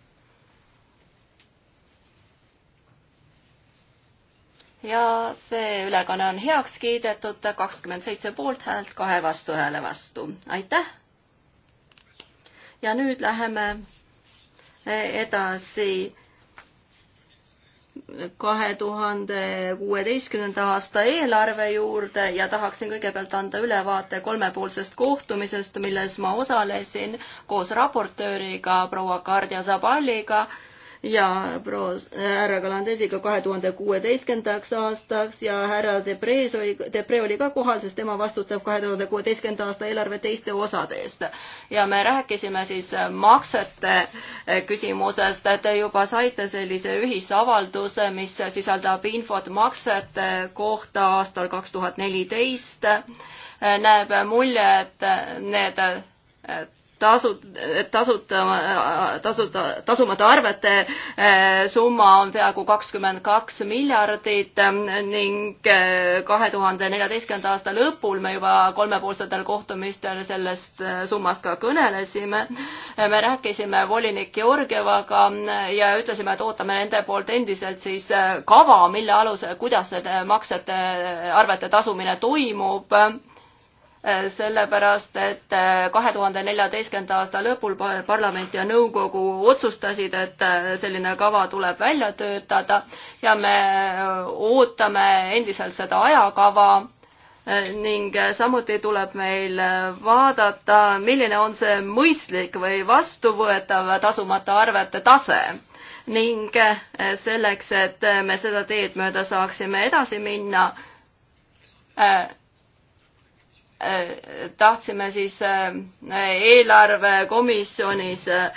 ja see ülekanne on heaks kiidetud, kakskümmend seitse poolthäält, kahe vastuhääle vastu. aitäh! ja nüüd läheme edasi kahe tuhande kuueteistkümnenda aasta eelarve juurde ja tahaksin kõigepealt anda ülevaate kolmepoolsest kohtumisest, milles ma osalesin koos raportööriga proua Kardia Zabaliga ja proua äh, härra Kalandesiga kahe tuhande kuueteistkümnendaks aastaks ja härra Debrez oli, Debre oli ka kohal, sest tema vastutab kahe tuhande kuueteistkümnenda aasta eelarve teiste osade eest. ja me rääkisime siis äh, maksete äh, küsimusest, te juba saite sellise ühisavalduse, mis sisaldab infot maksete kohta aastal kaks tuhat neliteist. näeb mulje, et need tasu, tasuta, tasuta, tasumata arvete eh, summa on peaaegu kakskümmend kaks miljardit eh, ning eh, kahe tuhande neljateistkümnenda aasta lõpul me juba kolmepoolsetel kohtumistel sellest summast ka kõnelesime. me rääkisime volinik Georgievaga ja ütlesime, et ootame nende poolt endiselt siis kava, mille alusel, kuidas need maksete, arvete tasumine toimub Äh, sellepärast et äh, kahe tuhande neljateistkümnenda aasta lõpul parlament ja nõukogu otsustasid, et äh, selline kava tuleb välja töötada ja me ootame endiselt seda ajakava ning samuti tuleb meil vaadata, milline on see mõistlik või vastuvõetav tasumata arvete tase ning selleks, et me seda teed mööda saaksime edasi minna, tahtsime siis äh, eelarvekomisjonis äh,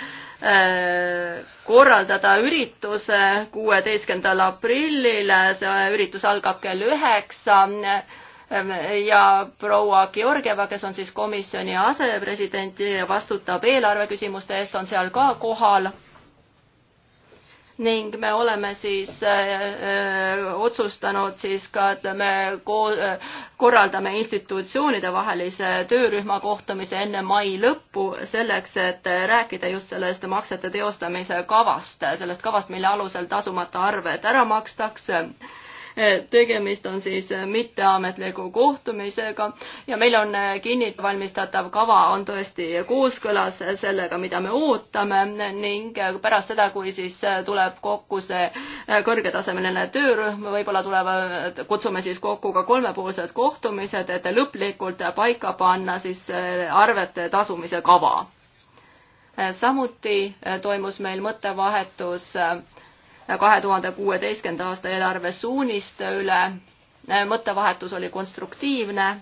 korraldada ürituse kuueteistkümnendal aprillil, see üritus algab kell üheksa ja proua Georgieva, kes on siis komisjoni asepresident ja vastutab eelarveküsimuste eest, on seal ka kohal ning me oleme siis öö, äh, äh, otsustanud siis ka, et me ko-, korraldame institutsioonide vahelise töörühma kohtumise enne mai lõppu, selleks et rääkida just sellest maksete teostamise kavast, sellest kavast, mille alusel tasumata arved ära makstakse Eh, tegemist on siis eh, mitteametliku kohtumisega ja meil on eh, kinnivalmistatav kava on tõesti kooskõlas sellega, mida me ootame ning pärast seda, kui siis tuleb kokku see kõrgetasemeline töörühm, võib-olla tulevad, kutsume siis kokku ka kolmepoolsed kohtumised, et lõplikult paika panna siis arvete tasumise kava samuti toimus meil mõttevahetus äh, kahe tuhande kuueteistkümnenda aasta eelarve suuniste üle. mõttevahetus oli konstruktiivne.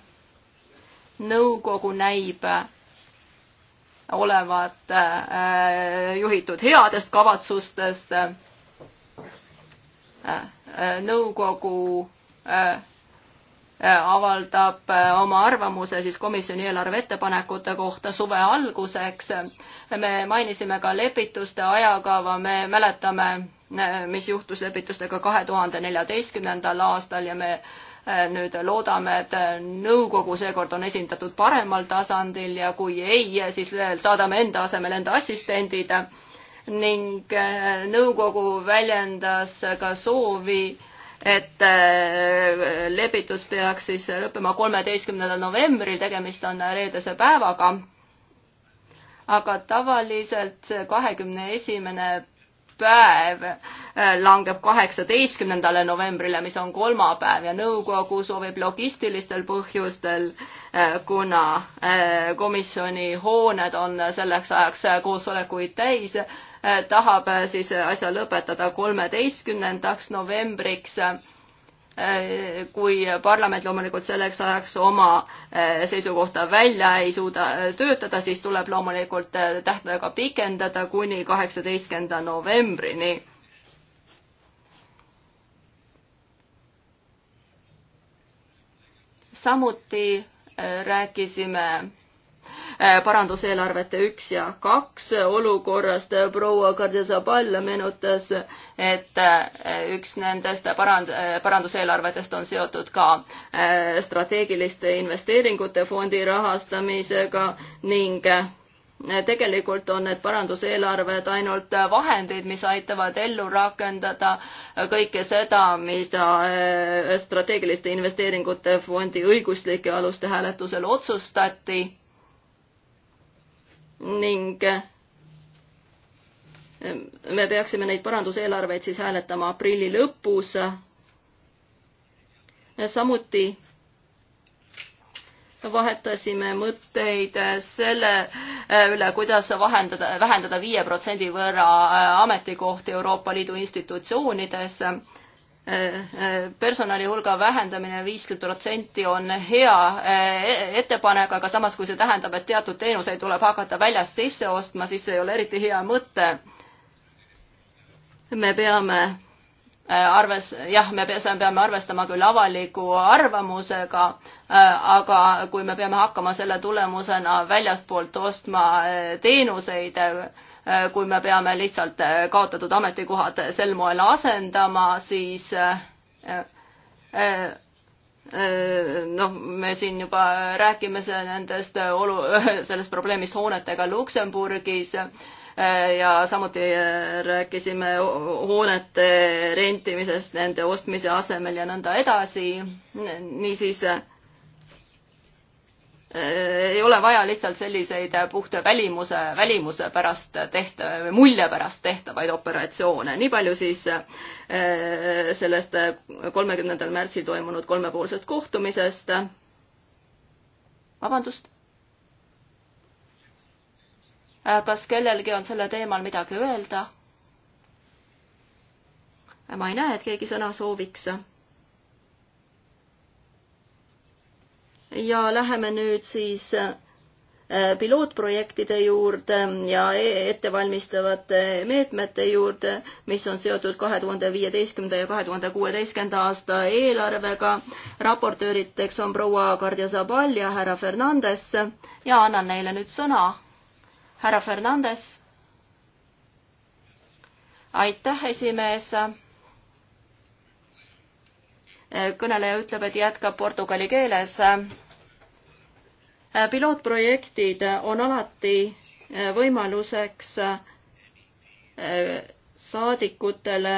nõukogu näib olevat äh, juhitud headest kavatsustest. nõukogu äh, äh, avaldab oma arvamuse siis komisjoni eelarve ettepanekute kohta suve alguseks. me mainisime ka lepituste ajakava, me mäletame Äh, mis juhtus lepitustega kahe tuhande neljateistkümnendal aastal ja me äh, nüüd loodame, et äh, nõukogu seekord on esindatud paremal tasandil ja kui ei, siis saadame enda asemel enda assistendid ning nõukogu väljendas ka soovi, et lepitus peaks siis lõppema kolmeteistkümnendal novembril, tegemist on reedese päevaga. aga tavaliselt see kahekümne esimene päev äh, langeb kaheksateistkümnendale novembrile, mis on kolmapäev ja nõukogu soovib logistilistel põhjustel, äh, kuna äh, komisjoni hooned on selleks ajaks koosolekuid täis, tahab siis asja lõpetada kolmeteistkümnendaks novembriks Äh, kui parlament loomulikult selleks ajaks oma äh, seisukohta välja ei suuda äh, töötada, siis tuleb loomulikult tähtaega pikendada kuni kaheksateistkümnenda novembrini samuti rääkisime Äh, paranduseelarvete üks ja kaks olukorrast. proua Kardesabal meenutas, et äh, üks nendest parand-, äh, paranduseelarvetest on seotud ka strateegiliste investeeringute fondi rahastamisega ning tegelikult on need paranduseelarved ainult vahendid, mis aitavad ellu rakendada kõike seda, mida strateegiliste investeeringute fondi õiguslike aluste hääletusel otsustati ning ehm, me peaksime neid paranduseelarveid siis hääletama aprilli lõpus. samuti vahetasime mõtteid selle eh, üle, kuidas vahendada, vähendada viie protsendi võrra eh, ametikohti Euroopa Liidu institutsioonides personali hulga vähendamine viiskümmend protsenti on hea eh, ettepanek, aga samas, kui see tähendab, et teatud teenuseid tuleb hakata väljast sisse ostma, siis see ei ole eriti hea mõte. me peame eh, arves, jah, me peame arvestama küll avaliku arvamusega, eh, aga kui me peame hakkama selle tulemusena väljastpoolt ostma teenuseid, Äh, kui me peame lihtsalt äh, kaotatud ametikohad sel moel asendama, siis äh, noh, me siin juba räägime nendest olu-, <laughs> sellest probleemist hoonetega Luksemburgis ja samuti rääkisime hoonete rentimisest nende ostmise asemel ja nõnda edasi. niisiis Äh, ei ole vaja lihtsalt selliseid puhta välimuse, välimuse pärast tehta, mulje pärast tehtavaid operatsioone. nii palju siis äh, sellest kolmekümnendal märtsil toimunud kolmepoolsest kohtumisest. vabandust. Äh, kas kellelgi on selle teemal midagi öelda? ma ei näe, et keegi sõna sooviks ja läheme nüüd siis äh, pilootprojektide juurde ja e-, ettevalmistavate meetmete juurde, mis on seotud kahe tuhande viieteistkümnenda ja kahe tuhande kuueteistkümnenda aasta eelarvega. raportööriteks on proua Kardia Zabal ja härra Fernandes ja annan neile nüüd sõna. härra Fernandes. aitäh, esimees kõneleja ütleb, et jätkab portugali keeles. pilootprojektid on alati võimaluseks eh, saadikutele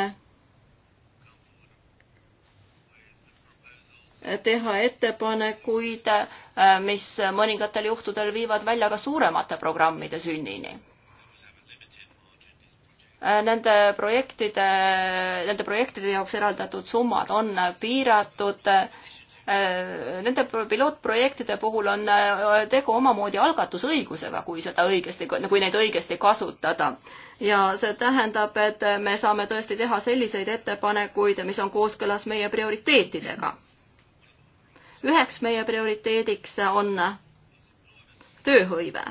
teha ettepanekuid, eh, mis mõningatel juhtudel viivad välja ka suuremate programmide sünnini Äh, nende projektide, nende projektide jaoks eraldatud summad on piiratud. Äh, nende pilootprojektide puhul on äh, tegu omamoodi algatusõigusega, kui seda õigesti, kui neid õigesti kasutada. ja see tähendab, et me saame tõesti teha selliseid ettepanekuid, mis on kooskõlas meie prioriteetidega. üheks meie prioriteediks on tööhõive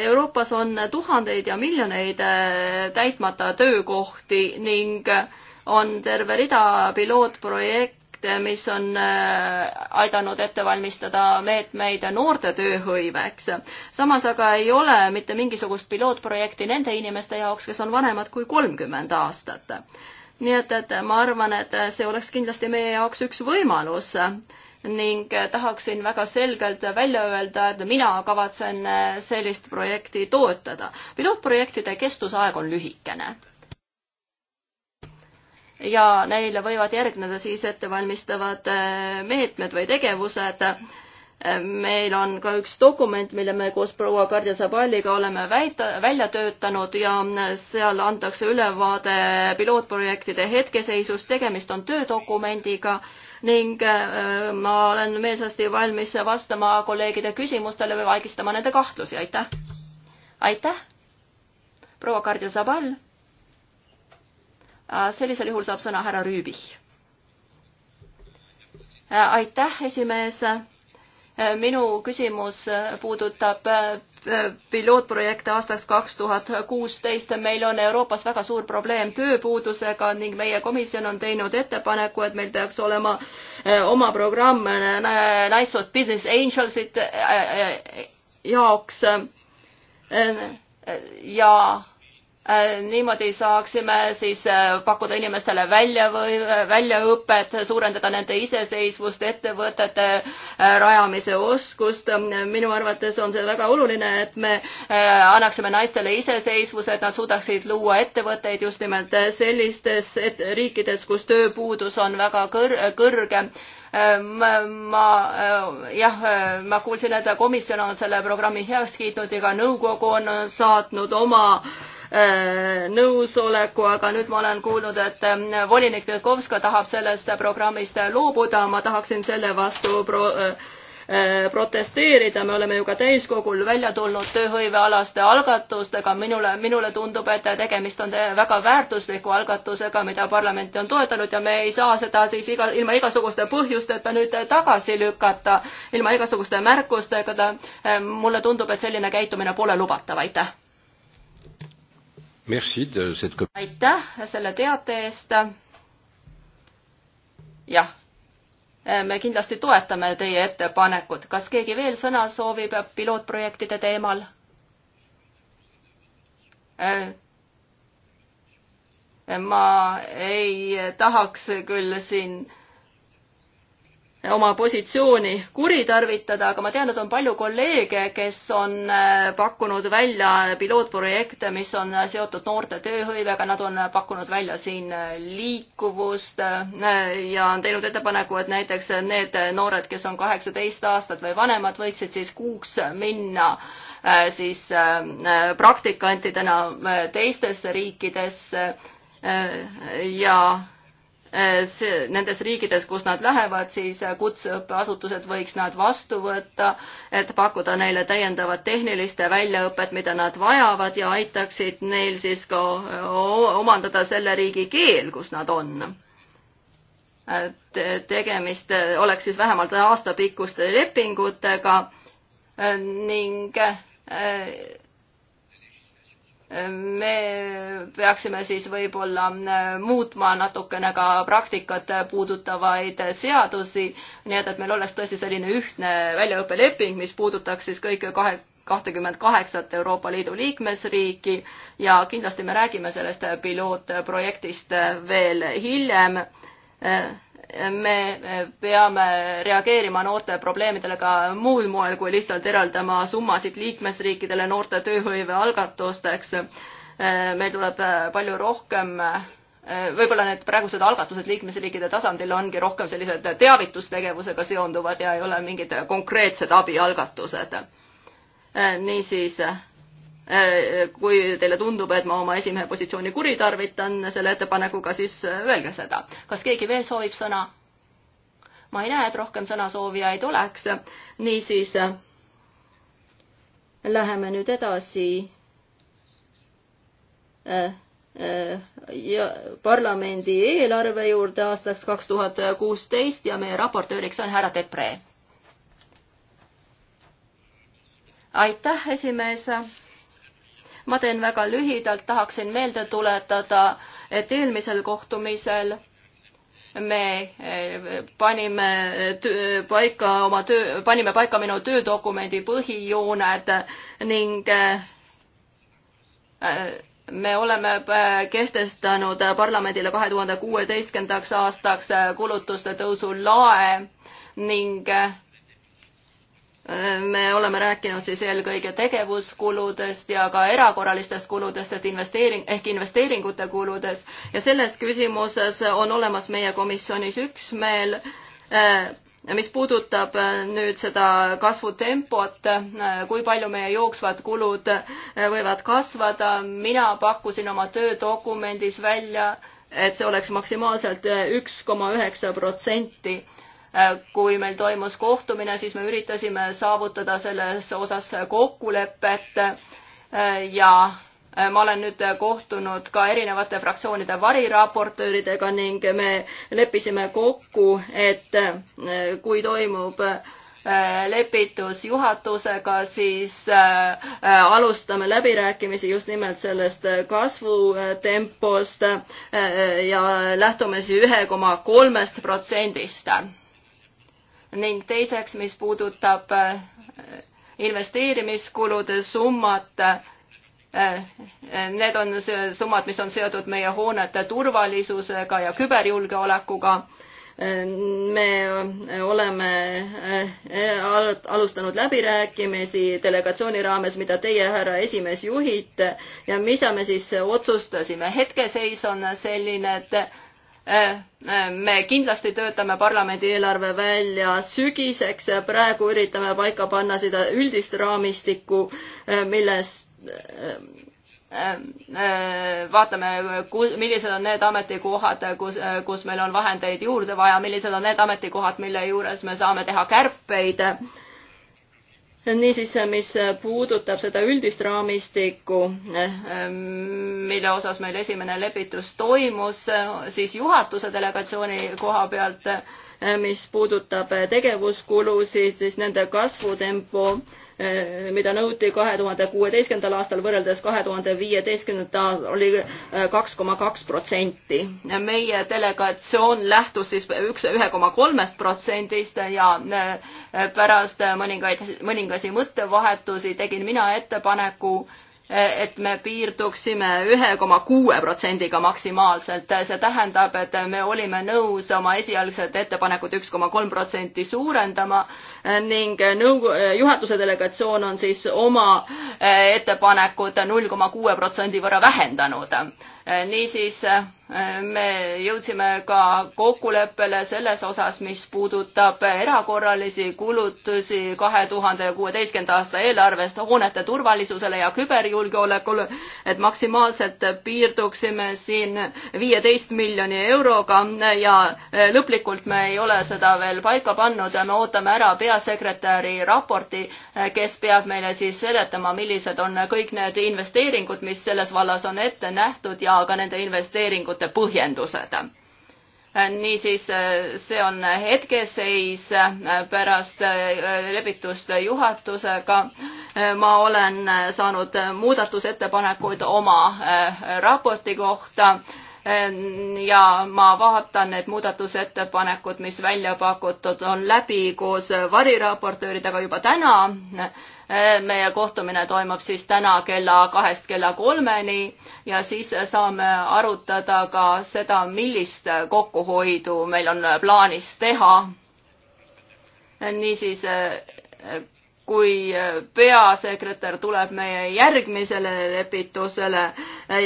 Euroopas on tuhandeid ja miljoneid äh, täitmata töökohti ning on terve rida pilootprojekte, mis on äh, aidanud ette valmistada meetmeid noorte tööhõiveks. samas aga ei ole mitte mingisugust pilootprojekti nende inimeste jaoks, kes on vanemad kui kolmkümmend aastat nii et, et ma arvan, et see oleks kindlasti meie jaoks üks võimalus ning äh, tahaksin väga selgelt välja öelda, et mina kavatsen äh, sellist projekti toetada. pilootprojektide kestusaeg on lühikene. ja neile võivad järgneda siis ettevalmistavad äh, meetmed või tegevused. meil on ka üks dokument, mille me koos proua Kardja Zabaliga oleme väita, välja töötanud ja seal antakse ülevaade pilootprojektide hetkeseisust, tegemist on töödokumendiga ning äh, ma olen meelsasti valmis vastama kolleegide küsimustele või vaigistama nende kahtlusi, aitäh! aitäh! proua Kardja Zabal. Äh, sellisel juhul saab sõna härra Rüübich. Äh, aitäh, esimees minu küsimus puudutab pilootprojekte aastaks kaks tuhat kuusteist. meil on Euroopas väga suur probleem tööpuudusega ning meie komisjon on teinud ettepaneku, et meil peaks olema eh, oma programm eh, naissoost business angels'ite eh, jaoks ja Äh, niimoodi saaksime siis äh, pakkuda inimestele välja või äh, väljaõpet, suurendada nende iseseisvust, ettevõtete rajamise oskust. minu arvates on see väga oluline, et me annaksime naistele iseseisvuse, et nad suudaksid luua ettevõtteid just nimelt sellistes et, riikides, kus tööpuudus on väga kõr kõrge ma, ma jah, ma kuulsin, et komisjon on selle programmi heaks kiitnud ja ka nõukogu on saatnud oma äh, Äh, nõusoleku, aga nüüd ma olen kuulnud, et äh, volinik Velkovska tahab sellest programmist loobuda, ma tahaksin selle vastu pro äh, protesteerida, me oleme ju ka täiskogul välja tulnud tööhõivealaste algatustega, minule, minule tundub, et tegemist on väga väärtusliku algatusega, mida parlament on toetanud ja me ei saa seda siis iga, ilma igasuguste põhjusteta nüüd tagasi lükata, ilma igasuguste märkustega. mulle tundub, et selline käitumine pole lubatav, aitäh aitäh selle teate eest. jah, me kindlasti toetame teie ettepanekut. kas keegi veel sõna soovib pilootprojektide teemal? ma ei tahaks küll siin oma positsiooni kuritarvitada, aga ma tean, et on palju kolleege, kes on äh, pakkunud välja pilootprojekte, mis on äh, seotud noorte tööhõivega, nad on äh, pakkunud välja siin liikuvust ja on teinud ettepaneku, et näiteks need noored, kes on kaheksateist aastat või vanemad, võiksid siis kuuks minna siis praktikantidena teistesse riikidesse ja Äh, see, nendes riikides, kus nad lähevad, siis äh, kutseõppeasutused võiks nad vastu võtta, et pakkuda neile täiendavat tehnilist väljaõpet, mida nad vajavad ja aitaksid neil siis ka äh, omandada selle riigi keel, kus nad on. et tegemist oleks siis vähemalt aastapikkuste lepingutega ning me peaksime siis võib-olla äh, muutma natukene ka praktikat puudutavaid seadusi, nii et, et meil oleks tõesti selline ühtne väljaõppeleping, mis puudutaks siis kõike kahe, kahtekümmet kaheksat Euroopa Liidu liikmesriiki ja kindlasti me räägime sellest pilootprojektist veel hiljem äh, me peame reageerima noorte probleemidele ka muul moel kui lihtsalt eraldama summasid liikmesriikidele noorte tööhõive algatusteks. meil tuleb palju rohkem võib-olla need praegused algatused liikmesriikide tasandil ongi rohkem sellised teavitustegevusega seonduvad ja ei ole mingid konkreetsed abialgatused. niisiis Äh, kui teile tundub, et ma oma esimehe positsiooni kuritarvitan selle ettepanekuga, siis äh, öelge seda. kas keegi veel soovib sõna? ma ei näe, et rohkem sõnasoovijaid oleks. niisiis äh, läheme nüüd edasi ja parlamendi eelarve juurde aastaks kaks tuhat kuusteist ja meie raportööriks on härra Depre. aitäh, esimees ma teen väga lühidalt, tahaksin meelde tuletada, et eelmisel kohtumisel me eh, panime paika oma töö, panime paika minu töödokumendi põhijooned ning eh, me oleme eh, kehtestanud parlamendile kahe tuhande kuueteistkümnendaks aastaks kulutuste tõusu lae ning me oleme rääkinud siis eelkõige tegevuskuludest ja ka erakorralistest kuludest, et investeering, ehk investeeringute kuludes ja selles küsimuses on olemas meie komisjonis üksmeel, eh, mis puudutab eh, nüüd seda kasvutempot, eh, kui palju meie jooksvad kulud võivad kasvada, mina pakkusin oma töödokumendis välja, et see oleks maksimaalselt üks koma üheksa protsenti Äh, kui meil toimus kohtumine, siis me üritasime saavutada selles osas kokkulepet äh, ja äh, ma olen nüüd kohtunud ka erinevate fraktsioonide variraportööridega ning me leppisime kokku, et kui toimub lepitus juhatusega, siis alustame läbirääkimisi just nimelt sellest kasvutempost ja lähtume siis ühe koma kolmest protsendist ning teiseks, mis puudutab äh, investeerimiskulude summat, äh, need on summad, mis on seotud meie hoonete turvalisusega ja küberjulgeolekuga. me oleme äh, alustanud läbirääkimisi delegatsiooni raames, mida teie, härra esimees, juhite ja mida me siis otsustasime. hetkeseis on selline, et me kindlasti töötame parlamendi eelarve välja sügiseks, praegu üritame paika panna seda üldist raamistikku, millest vaatame, millised on need ametikohad, kus, kus meil on vahendeid juurde vaja, millised on need ametikohad, mille juures me saame teha kärpeid niisiis, mis puudutab seda üldist raamistikku, eh, ehm, mille osas meil esimene lepitus toimus, siis juhatuse delegatsiooni koha pealt, eh, mis puudutab tegevuskulusid, siis nende kasvutempo Eh, mida nõuti kahe tuhande kuueteistkümnendal aastal võrreldes kahe tuhande viieteistkümnenda aastal oli eh, kaks koma kaks protsenti. meie delegatsioon lähtus siis üks, ühe koma kolmest protsendist ja eh, pärast mõningaid, mõningasi mõttevahetusi tegin mina ettepaneku et me piirduksime ühe koma kuue protsendiga maksimaalselt, see tähendab, et me olime nõus oma esialgset ettepanekut üks koma kolm protsenti suurendama ning nõu-, juhatuse delegatsioon on siis oma ettepanekud null koma kuue protsendi võrra vähendanud Äh, niisiis äh, me jõudsime ka kokkuleppele selles osas, mis puudutab erakorralisi kulutusi kahe tuhande kuueteistkümnenda aasta eelarvest hoonete turvalisusele ja küberjulgeolekule, et maksimaalselt piirduksime siin viieteist miljoni euroga ja äh, lõplikult me ei ole seda veel paika pannud ja me ootame ära peasekretäri raporti, kes peab meile siis seletama, millised on kõik need investeeringud, mis selles vallas on ette nähtud ja ja ka nende investeeringute põhjendused. niisiis, see on hetkeseis pärast lepitust juhatusega. ma olen saanud muudatusettepanekuid oma raporti kohta ja ma vaatan need muudatusettepanekud, mis välja pakutud on läbi koos variraportööridega juba täna meie kohtumine toimub siis täna kella kahest kella kolmeni ja siis saame arutada ka seda, millist kokkuhoidu meil on plaanis teha. niisiis, kui peasekretär tuleb meie järgmisele lepitusele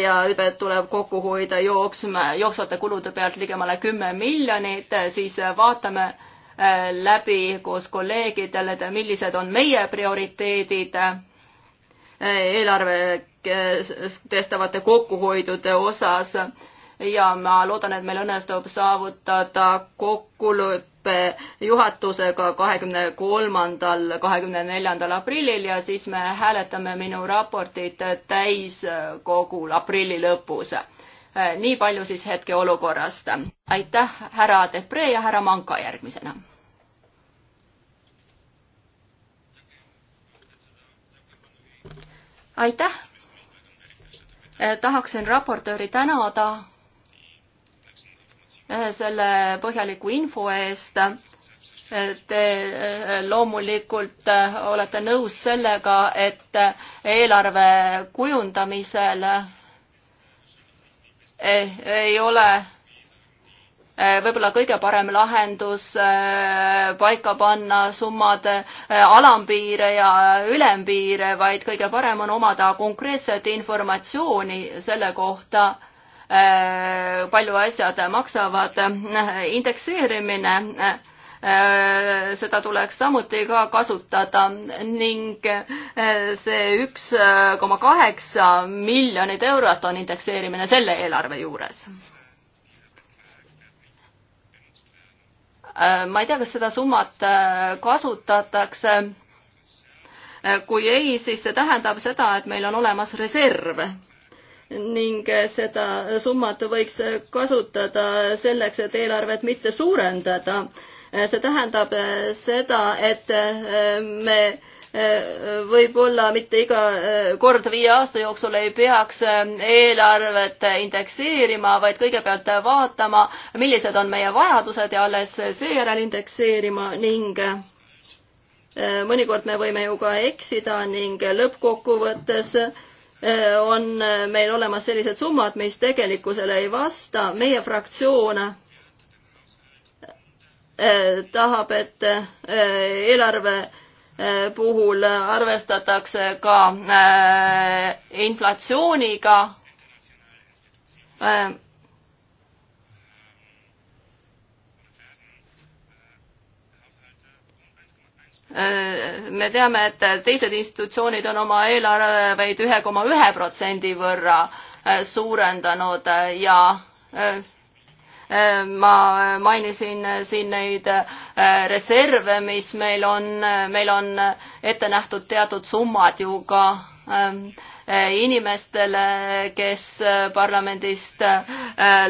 ja ütleb, et tuleb kokku hoida jooksma, jooksvate kulude pealt ligemale kümme miljonit, siis vaatame, Äh, läbi koos kolleegidele, et millised on meie prioriteedid äh, eelarve äh, tehtavate kokkuhoidude osas ja ma loodan, et meil õnnestub saavutada kokkulepe juhatusega kahekümne kolmandal, kahekümne neljandal aprillil ja siis me hääletame minu raportit täiskogul aprilli lõpus. nii palju siis hetkeolukorrast. aitäh, härra Depree ja härra Manka järgmisena aitäh! Eh, tahaksin raportööri tänada eh, selle põhjaliku info eest. Eh, te loomulikult olete nõus sellega, et eelarve kujundamisel ei ole Äh, võib-olla kõige parem lahendus äh, paika panna summade äh, alampiire ja ülempiire, vaid kõige parem on omada konkreetset informatsiooni selle kohta, palju asjad maksavad. indekseerimine seda tuleks samuti ka kasutada ning see üks koma kaheksa miljonit eurot on indekseerimine selle eelarve juures Äh, ma ei tea, kas seda summat äh, kasutatakse. Äh, kui ei, siis see tähendab seda, et meil on olemas reserv ning seda summat võiks kasutada selleks, et eelarvet mitte suurendada. see tähendab seda, et me võib-olla mitte iga eh, kord viie aasta jooksul ei peaks eh, eelarvet indekseerima, vaid kõigepealt vaatama, millised on meie vajadused ja alles seejärel indekseerima ning eh, mõnikord me võime ju ka eksida ning lõppkokkuvõttes on meil olemas sellised summad, mis tegelikkusele ei vasta. meie fraktsioon tahab, et eelarve Äh, puhul arvestatakse ka äh, inflatsiooniga. Äh, me teame, et teised institutsioonid on oma eelarveid ühe koma ühe protsendi võrra suurendanud ja Ehm, ma mainisin eh, siin neid eh, reserve, mis meil on, eh, meil on ette nähtud teatud summad ju ka ehm, inimestele, kes parlamendist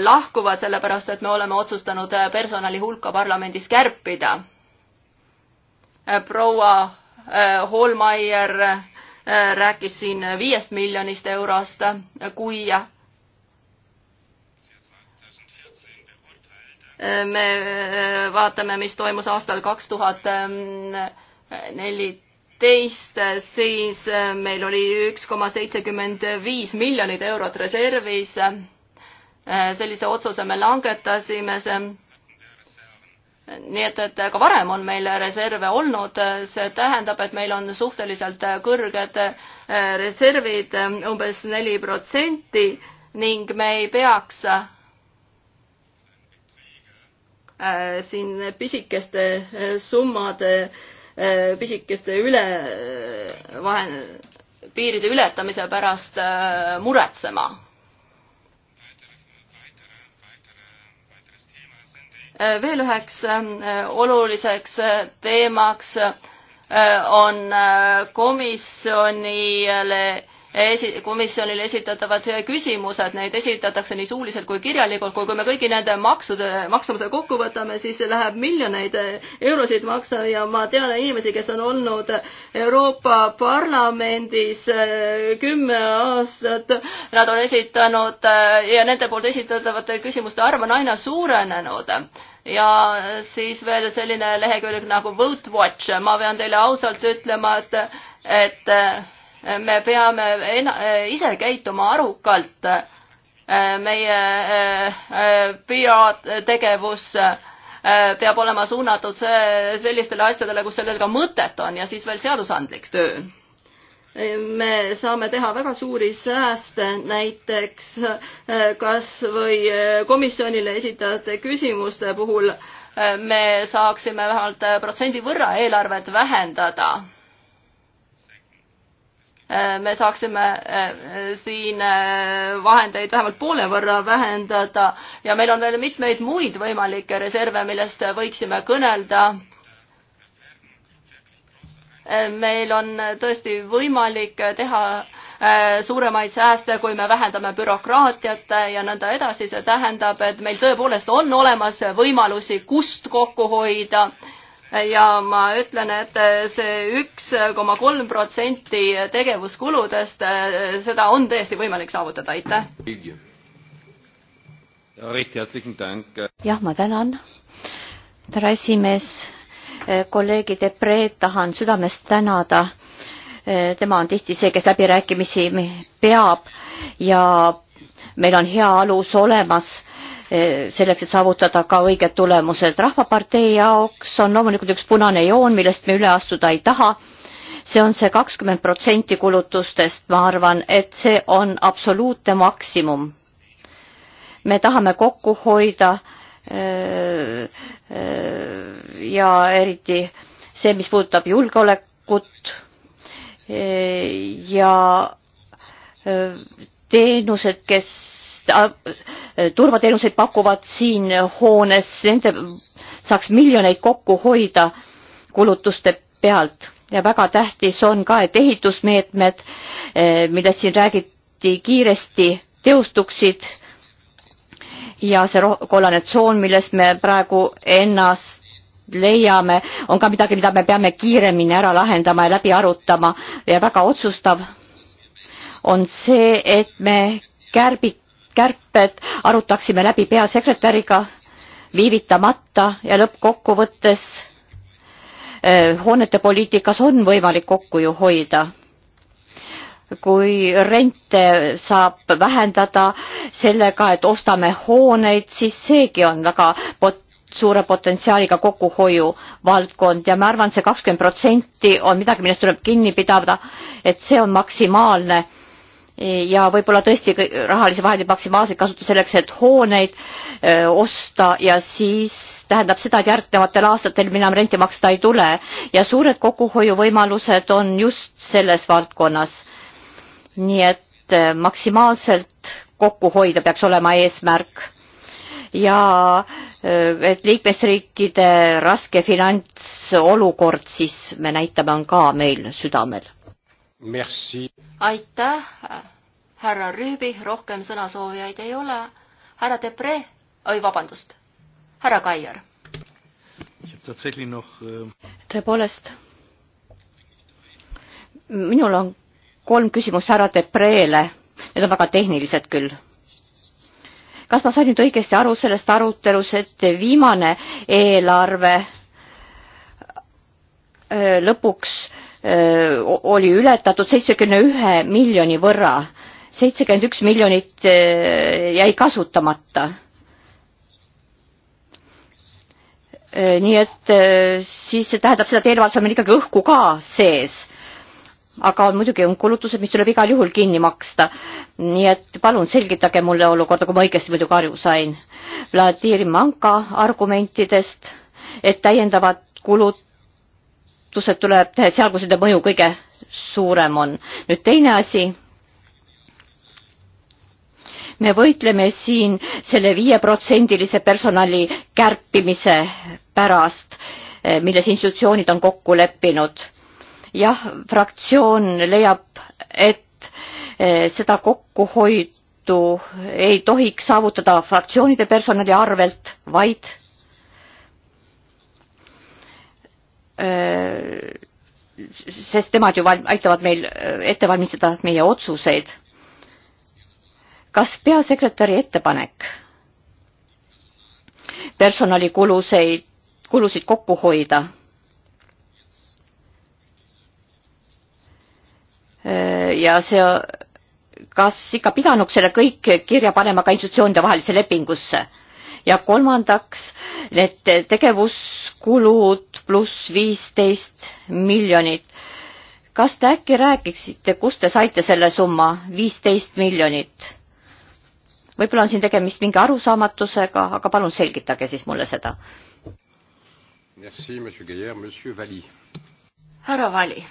lahkuvad, sellepärast et me oleme otsustanud personali hulka parlamendis kärpida. proua Holmeier rääkis siin viiest miljonist eurost, kui me eh, vaatame, mis toimus aastal kaks tuhat ehm, neliteist, siis eh, meil oli üks koma seitsekümmend viis miljonit eurot reservis. Eh, sellise otsuse me langetasime nii et, et ka varem on meil reserve olnud, see tähendab, et meil on suhteliselt kõrged reservid umbes, umbes neli protsenti ning me ei peaks Äh, siin pisikeste äh, summade, äh, pisikeste üle, vahe, piiride ületamise pärast muretsema. veel üheks oluliseks teemaks on komisjonile esi-, komisjonile esitatavad küsimused, neid esitatakse nii suuliselt kui kirjalikult, kui, kui me kõigi nende maksude, maksumuse kokku võtame, siis läheb miljoneid eurosid maksa ja ma tean inimesi, kes on olnud Euroopa Parlamendis eh, kümme aastat, nad on esitanud eh, ja nende poolt esitatavate küsimuste arv on aina suurenenud ja siis veel selline lehekülg nagu Vote Watch, ma pean teile ausalt ütlema, et, et eh, me peame eh, ise käituma arukalt. Eh, meie eh, PR-tegevus peab olema suunatud sellistele asjadele, kus sellel ka mõtet on ja siis veel seadusandlik töö me saame teha väga suuri sääste, näiteks kas või komisjonile esitajate küsimuste puhul me saaksime vähemalt protsendi võrra eelarvet vähendada Äh, me saaksime äh, siin äh, vahendeid vähemalt poole võrra vähendada ja meil on veel mitmeid muid võimalikke reserve, millest võiksime kõnelda. meil on tõesti võimalik teha suuremaid sääste, kui me vähendame bürokraatiat ja nõnda edasi, see tähendab, et meil tõepoolest on olemas võimalusi, kust kokku hoida ja ma ütlen, et see üks koma kolm protsenti tegevuskuludest, seda on tõesti võimalik saavutada, aitäh. jah, ma tänan, härra esimees, kolleegi Depreed tahan südamest tänada. tema on tihti see, kes läbirääkimisi peab ja meil on hea alus olemas Eh, selleks, et saavutada ka õiged tulemused. rahvapartei jaoks on loomulikult üks punane joon, millest me üle astuda ei taha. see on see kakskümmend protsenti kulutustest, ma arvan, et see on absoluutne maksimum. me tahame kokku hoida eh, eh, ja eriti see, mis puudutab julgeolekut ja teenused, kes äh, turvateenuseid pakuvad siin hoones, nende saaks miljoneid kokku hoida kulutuste pealt ja väga tähtis on ka, et ehitusmeetmed, äh, millest siin räägiti, kiiresti teostuksid ja see kollane tsoon, millest me praegu ennast leiame, on ka midagi, mida me peame kiiremini ära lahendama ja läbi arutama ja väga otsustav on see, et me kärbid, kärped arutaksime läbi peasekretäriga viivitamata ja lõppkokkuvõttes eh, hoonete poliitikas on võimalik kokku ju hoida. kui rente saab vähendada sellega, et ostame hooneid, siis seegi on väga pot-, suure potentsiaaliga kokkuhoiu valdkond ja ma arvan see, see kakskümmend protsenti on midagi, millest tuleb kinni pidada, et see on maksimaalne ja võib-olla tõesti rahalisi vahendeid maksimaalselt kasutada selleks, et hooneid öö, osta ja siis tähendab seda, et järgnevatel aastatel enam renti maksta ei tule ja suured kokkuhoiuvõimalused on just selles valdkonnas. nii et öö, maksimaalselt kokku hoida peaks olema eesmärk ja et liikmesriikide raske finantsolukord siis me näitame, on ka meil südamel aitäh, härra Rüübi, rohkem sõnasoovijaid ei ole. härra Debre, oi vabandust, härra Kaier. Äh, tõepoolest, minul on kolm küsimust härra Debrele, need on väga tehnilised küll kas ma sain nüüd õigesti aru sellest arutelus, et viimane eelarve äh, lõpuks oli ületatud seitsmekümne ühe miljoni võrra. seitsekümmend üks miljonit jäi kasutamata. nii et siis see tähendab seda, et eelarves on meil ikkagi õhku ka sees. aga on muidugi on kulutused, mis tuleb igal juhul kinni maksta. nii et palun selgitage mulle olukorda, kui ma õigesti muidugi aru sain. Vladimir Manka argumentidest, et täiendavad kulud muudatused tuleb teha seal, kus nende mõju kõige suurem on. nüüd teine asi. me võitleme siin selle viieprotsendilise personali kärpimise pärast, eh, milles institutsioonid on kokku leppinud. jah, fraktsioon leiab, et eh, seda kokkuhoidu ei tohiks saavutada fraktsioonide personali arvelt, vaid Äh, sest nemad ju aitavad meil äh, ette valmistada meie otsuseid. kas peasekretäri ettepanek personalikuluseid, kulusid kokku hoida äh, ja see, kas ikka pidanuks selle kõik kirja panema ka institutsioonide vahelisse lepingusse? ja kolmandaks need tegevuskulud pluss viisteist miljonit. kas te äkki räägiksite, kust te saite selle summa, viisteist miljonit? võib-olla on siin tegemist mingi arusaamatusega, aga palun selgitage siis mulle seda. härra Vali.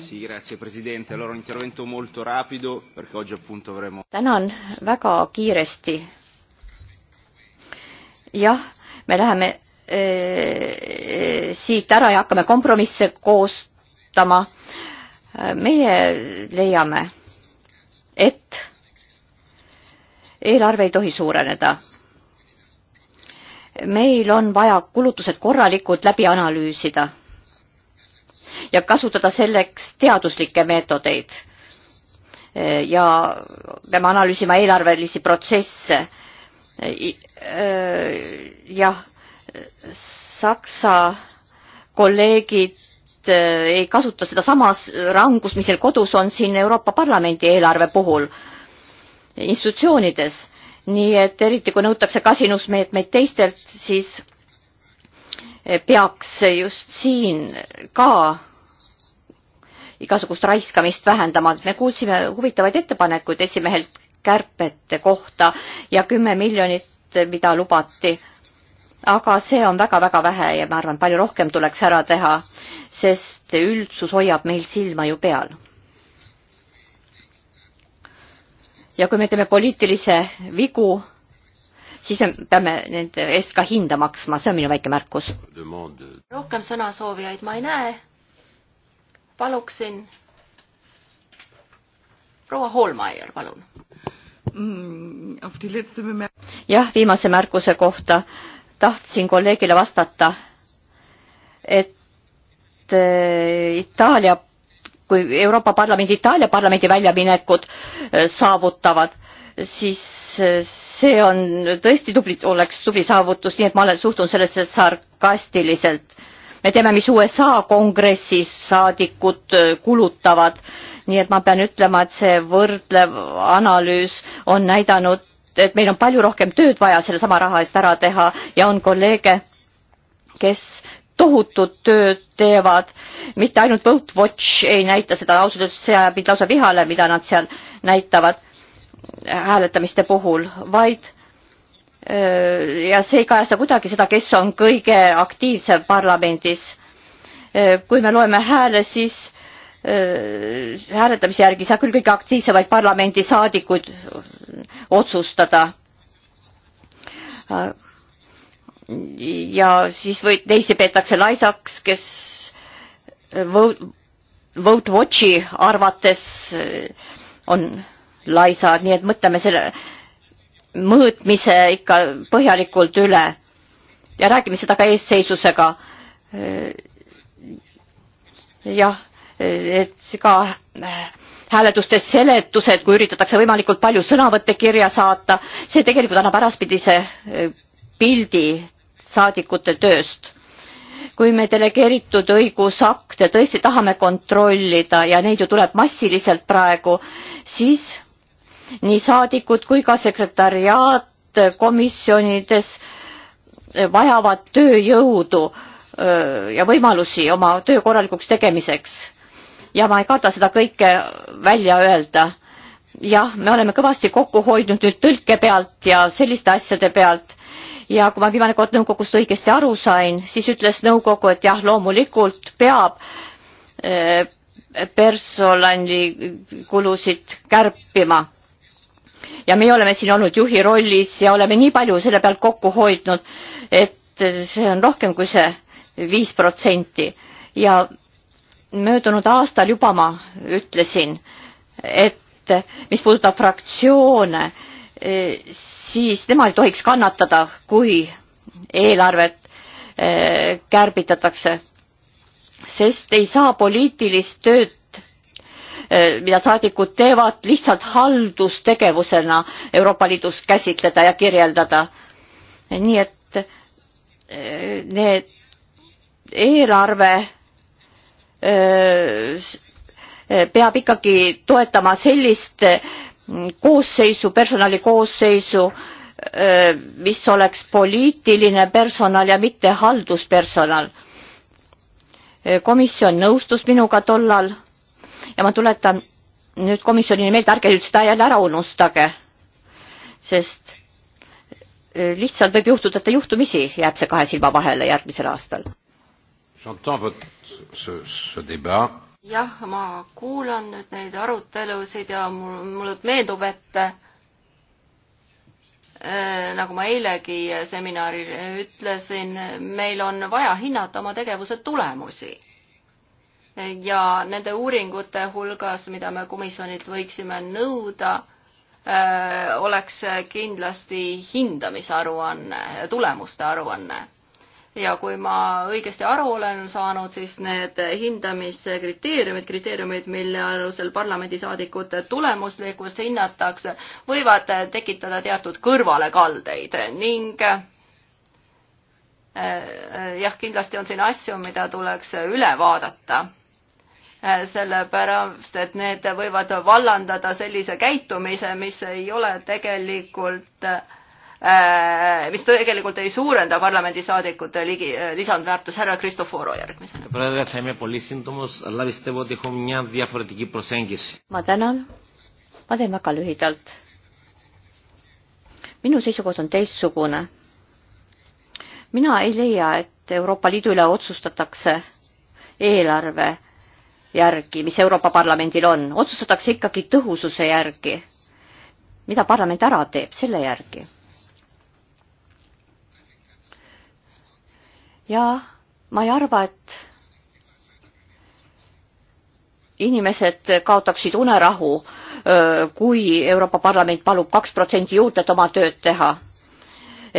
Sì, grazie Presidente. Allora un intervento molto rapido perché oggi appunto avremo... Tänan väga kiiresti jah, me läheme e, siit ära ja hakkame kompromisse koostama. Äh, meie leiame, et eelarve ei tohi suureneda. meil on vaja kulutused korralikult läbi analüüsida ja kasutada selleks teaduslikke meetodeid ja peame analüüsima eelarvelisi protsesse jah, Saksa kolleegid ei kasuta seda samas rangust, mis neil kodus on siin Euroopa Parlamendi eelarve puhul institutsioonides. nii et eriti, kui nõutakse kasinusmeetmeid teistelt, siis peaks just siin ka igasugust raiskamist vähendama. me kuulsime huvitavaid ettepanekuid esimehelt kärbete kohta ja kümme miljonit, mida lubati. aga see on väga-väga vähe ja ma arvan, palju rohkem tuleks ära teha, sest üldsus hoiab meil silma ju peal. ja kui me teeme poliitilise vigu, siis me peame nende eest ka hinda maksma, see on minu väike märkus. rohkem sõnasoovijaid ma ei näe. paluksin proua Holmaier, palun. Mm, jah, viimase märkuse kohta tahtsin kolleegile vastata, et eh, Itaalia, kui Euroopa Parlamendi, Itaalia parlamendi väljaminekud eh, saavutavad, siis eh, see on tõesti tubli, oleks tubli saavutus, nii et ma olen, suhtun sellesse sarkastiliselt. me teame, mis USA kongressis saadikud kulutavad nii et ma pean ütlema, et see võrdlev analüüs on näidanud, et meil on palju rohkem tööd vaja sellesama raha eest ära teha ja on kolleege, kes tohutut tööd teevad, mitte ainult Boat Watch ei näita seda, ausalt öeldes see ajab mind lausa vihale, mida nad seal näitavad hääletamiste puhul, vaid ja see ei kajasta kuidagi seda, kes on kõige aktiivsem parlamendis. kui me loeme hääle, siis hääletamise järgi saab küll kõiki aktiivsemaid parlamendisaadikuid otsustada. ja siis või teisi peetakse laisaks, kes Vote Watchi arvates on laisad, nii et mõtleme selle mõõtmise ikka põhjalikult üle ja räägime seda ka eesseisusega. jah et ka äh, hääletuste seletused, kui üritatakse võimalikult palju sõnavõtte kirja saata, see tegelikult annab äraspidise äh, pildi saadikute tööst. kui me delegeeritud õigusakte tõesti tahame kontrollida ja neid ju tuleb massiliselt praegu, siis nii saadikud kui ka sekretariaat komisjonides vajavad tööjõudu äh, ja võimalusi oma töö korralikuks tegemiseks ja ma ei karda seda kõike välja öelda. jah, me oleme kõvasti kokku hoidnud nüüd tõlke pealt ja selliste asjade pealt ja kui ma viimane kord nõukogust õigesti aru sain, siis ütles nõukogu, et jah, loomulikult peab eh, personalikulusid kärpima ja meie oleme siin olnud juhi rollis ja oleme nii palju selle pealt kokku hoidnud, et see on rohkem kui see viis protsenti ja möödunud aastal juba ma ütlesin, et mis puudutab fraktsioone, siis nemad ei tohiks kannatada, kui eelarvet eh, kärbitatakse, sest ei saa poliitilist tööd eh, mida saadikud teevad lihtsalt haldustegevusena Euroopa Liidus käsitleda ja kirjeldada. nii et eh, need eelarve peab ikkagi toetama sellist mm, koosseisu, personali koosseisu, mis oleks poliitiline personal ja mitte halduspersonal. komisjon nõustus minuga tollal ja ma tuletan nüüd komisjonile meelde, ärge nüüd seda jälle ära unustage, sest lihtsalt võib juhtuda, et ta juhtumisi jääb see kahe silma vahele järgmisel aastal jah, ma kuulan nüüd neid arutelusid ja mul, mulle meenub, et äh, nagu ma eilegi seminaril ütlesin, meil on vaja hinnata oma tegevuse tulemusi ja nende uuringute hulgas, mida me komisjonilt võiksime nõuda, äh, oleks kindlasti hindamisaruanne, tulemuste aruanne ja kui ma õigesti aru olen saanud, siis need hindamiskriteeriumid, kriteeriumid, mille alusel parlamendisaadikute tulemuslikkust hinnatakse, võivad tekitada teatud kõrvalekaldeid ning eh, eh, jah, kindlasti on siin asju, mida tuleks üle vaadata eh, sellepärast et need võivad vallandada sellise käitumise, mis ei ole tegelikult äh, Äh, mis tegelikult ei suurenda parlamendisaadikute ligi, äh, lisandväärtus. härra Kristoforo järgmisena. ma tänan. ma teen väga lühidalt. minu seisukoht on teistsugune. mina ei leia, et Euroopa Liidu üle otsustatakse eelarve järgi, mis Euroopa Parlamendil on, otsustatakse ikkagi tõhususe järgi, mida parlament ära teeb, selle järgi ja ma ei arva, et inimesed kaotaksid unerahu, kui Euroopa Parlament palub kaks protsenti juurde, et oma tööd teha.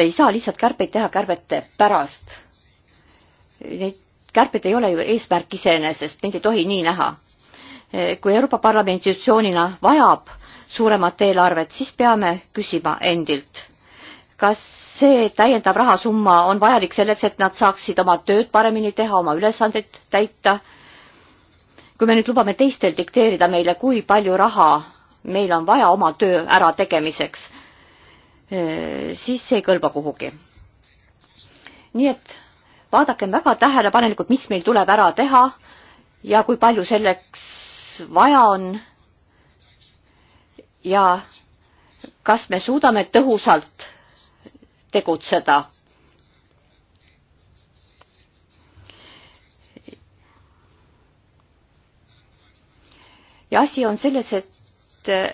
ei saa lihtsalt kärpeid teha kärbete pärast. Neid kärped ei ole ju eesmärk iseenesest, neid ei tohi nii näha. kui Euroopa Parlamendi institutsioonina vajab suuremat eelarvet, siis peame küsima endilt kas see täiendav rahasumma on vajalik selleks, et nad saaksid oma tööd paremini teha, oma ülesandeid täita? kui me nüüd lubame teistel dikteerida meile, kui palju raha meil on vaja oma töö ärategemiseks, eh, siis see ei kõlba kuhugi. nii et vaadakem väga tähelepanelikult, mis meil tuleb ära teha ja kui palju selleks vaja on. ja kas me suudame tõhusalt tegutseda. ja asi on selles, et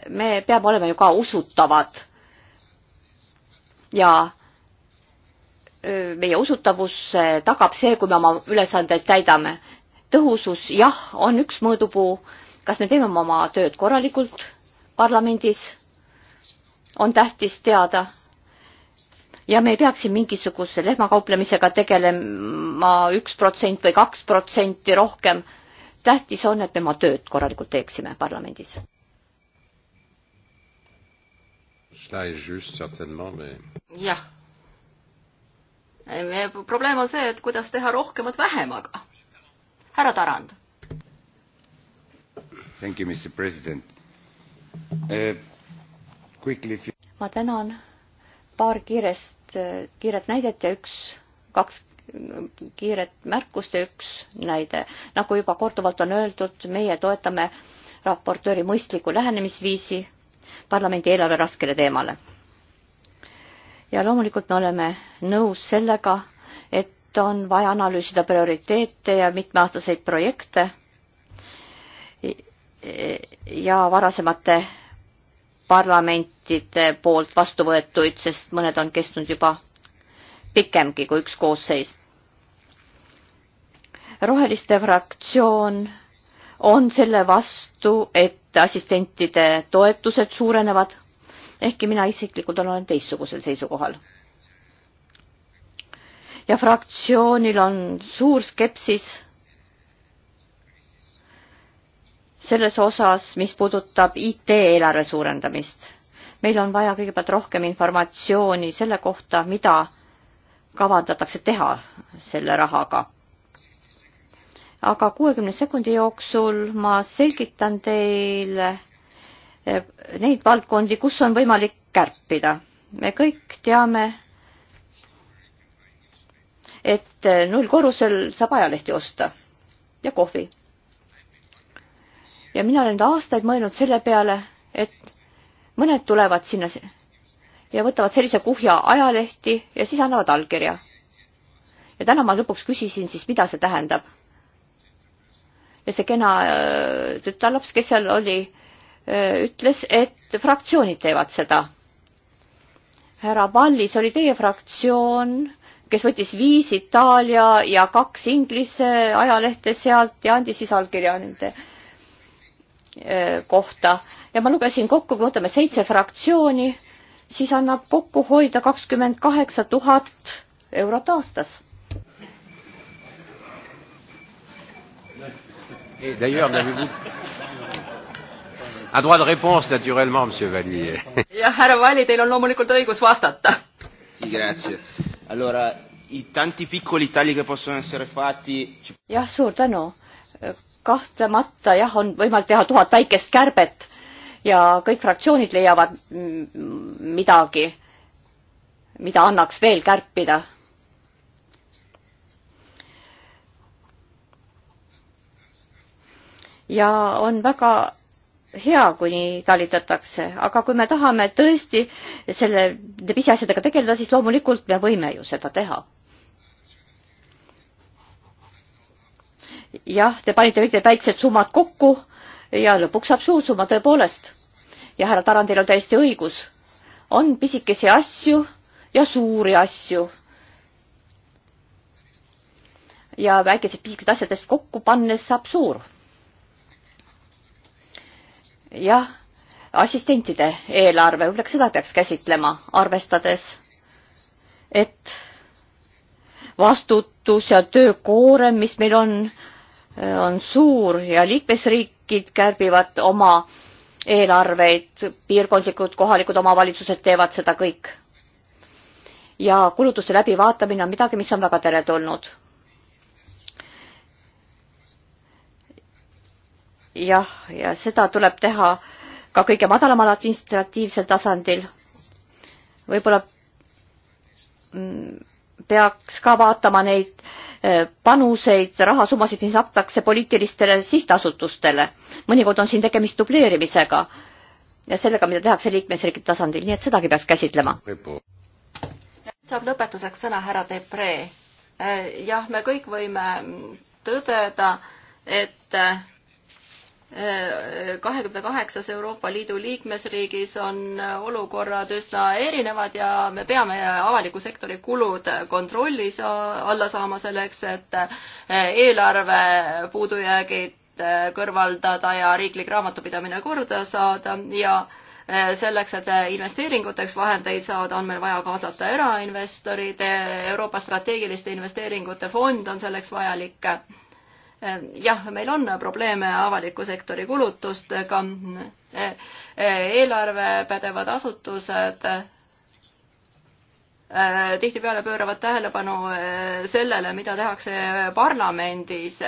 me peame olema ju ka usutavad ja meie usutavus äh, tagab see, kui me oma ülesandeid täidame. tõhusus, jah, on üks mõõdupuu, kas me teeme oma tööd korralikult parlamendis, on tähtis teada ja me ei peaks siin mingisuguse lehmakauplemisega tegelema üks protsent või kaks protsenti rohkem. tähtis on, et me oma tööd korralikult teeksime parlamendis. jah. probleem on see, et kuidas teha rohkemat vähemaga. härra Tarand. Thank you, Mr President uh,. Quickly. ma tänan paar kiirest, kiiret näidet ja üks, kaks kiiret märkust ja üks näide. nagu juba korduvalt on öeldud, meie toetame raportööri mõistlikku lähenemisviisi parlamendi eelarve raskele teemale. ja loomulikult me oleme nõus sellega, et on vaja analüüsida prioriteete ja mitmeaastaseid projekte ja varasemate parlamentide poolt vastu võetuid, sest mõned on kestnud juba pikemgi kui üks koosseis. roheliste fraktsioon on selle vastu, et assistentide toetused suurenevad, ehkki mina isiklikult olen teistsugusel seisukohal. ja fraktsioonil on suur skepsis selles osas, mis puudutab IT-eelarve suurendamist. meil on vaja kõigepealt rohkem informatsiooni selle kohta, mida kavandatakse teha selle rahaga. aga kuuekümne sekundi jooksul ma selgitan teile eh, neid valdkondi, kus on võimalik kärpida. me kõik teame, et nullkorrusel saab ajalehti osta ja kohvi ja mina olen aastaid mõelnud selle peale, et mõned tulevad sinna ja võtavad sellise kuhja ajalehti ja siis annavad allkirja. ja täna ma lõpuks küsisin siis, mida see tähendab. ja see kena äh, tütarlaps, kes seal oli, äh, ütles, et fraktsioonid teevad seda. härra Pallis oli teie fraktsioon, kes võttis viis Itaalia ja kaks Inglise ajalehte sealt ja andis siis allkirja nende Eh, kohta ja ma lugesin kokku, kui võtame seitse fraktsiooni, siis annab kokku hoida kakskümmend kaheksa tuhat eurot aastas. jah, härra Valli, teil on loomulikult õigus vastata. jah, suur tänu kahtlemata jah, on võimalik teha tuhat väikest kärbet ja kõik fraktsioonid leiavad midagi, mida annaks veel kärpida. ja on väga hea, kui nii talitatakse, aga kui me tahame tõesti selle, nende pisiasjadega tegeleda, siis loomulikult me võime ju seda teha jah, te panite kõik need väiksed summad kokku ja lõpuks saab suur summa tõepoolest. ja härra Tarandil on täiesti õigus. on pisikesi asju ja suuri asju. ja väikesed pisikesed asjadest kokku pannes saab suur. jah, assistentide eelarve, võib-olla ka seda peaks käsitlema, arvestades, et vastutus ja töökoorem, mis meil on, on suur ja liikmesriigid kärbivad oma eelarveid, piirkondlikud kohalikud omavalitsused teevad seda kõik. ja kulutuste läbivaatamine on midagi, mis on väga teretulnud. jah, ja seda tuleb teha ka kõige madalamal administratiivsel tasandil. võib-olla mm, peaks ka vaatama neid äh, Äh, panuseid, rahasummasid, mis antakse poliitilistele sihtasutustele. mõnikord on siin tegemist dubleerimisega ja sellega, mida tehakse liikmesriikide tasandil, nii et sedagi peaks käsitlema. saab lõpetuseks sõna härra Depree. Äh, jah, me kõik võime tõdeda, et äh, kahekümne kaheksas Euroopa Liidu liikmesriigis on olukorrad üsna erinevad ja me peame avaliku sektori kulud kontrollis alla saama selleks, et eh, eelarve puudujäägid eh, kõrvaldada ja riiklik raamatupidamine korda saada ja eh, selleks, et investeeringuteks vahendeid saada, on meil vaja kaasata erainvestorid, Euroopa strateegiliste investeeringute fond on selleks vajalik Ehm, jah, meil on probleeme avaliku sektori kulutustega, ehm, eh, eelarvepädevad asutused eh, tihtipeale pööravad tähelepanu eh, sellele, mida tehakse parlamendis,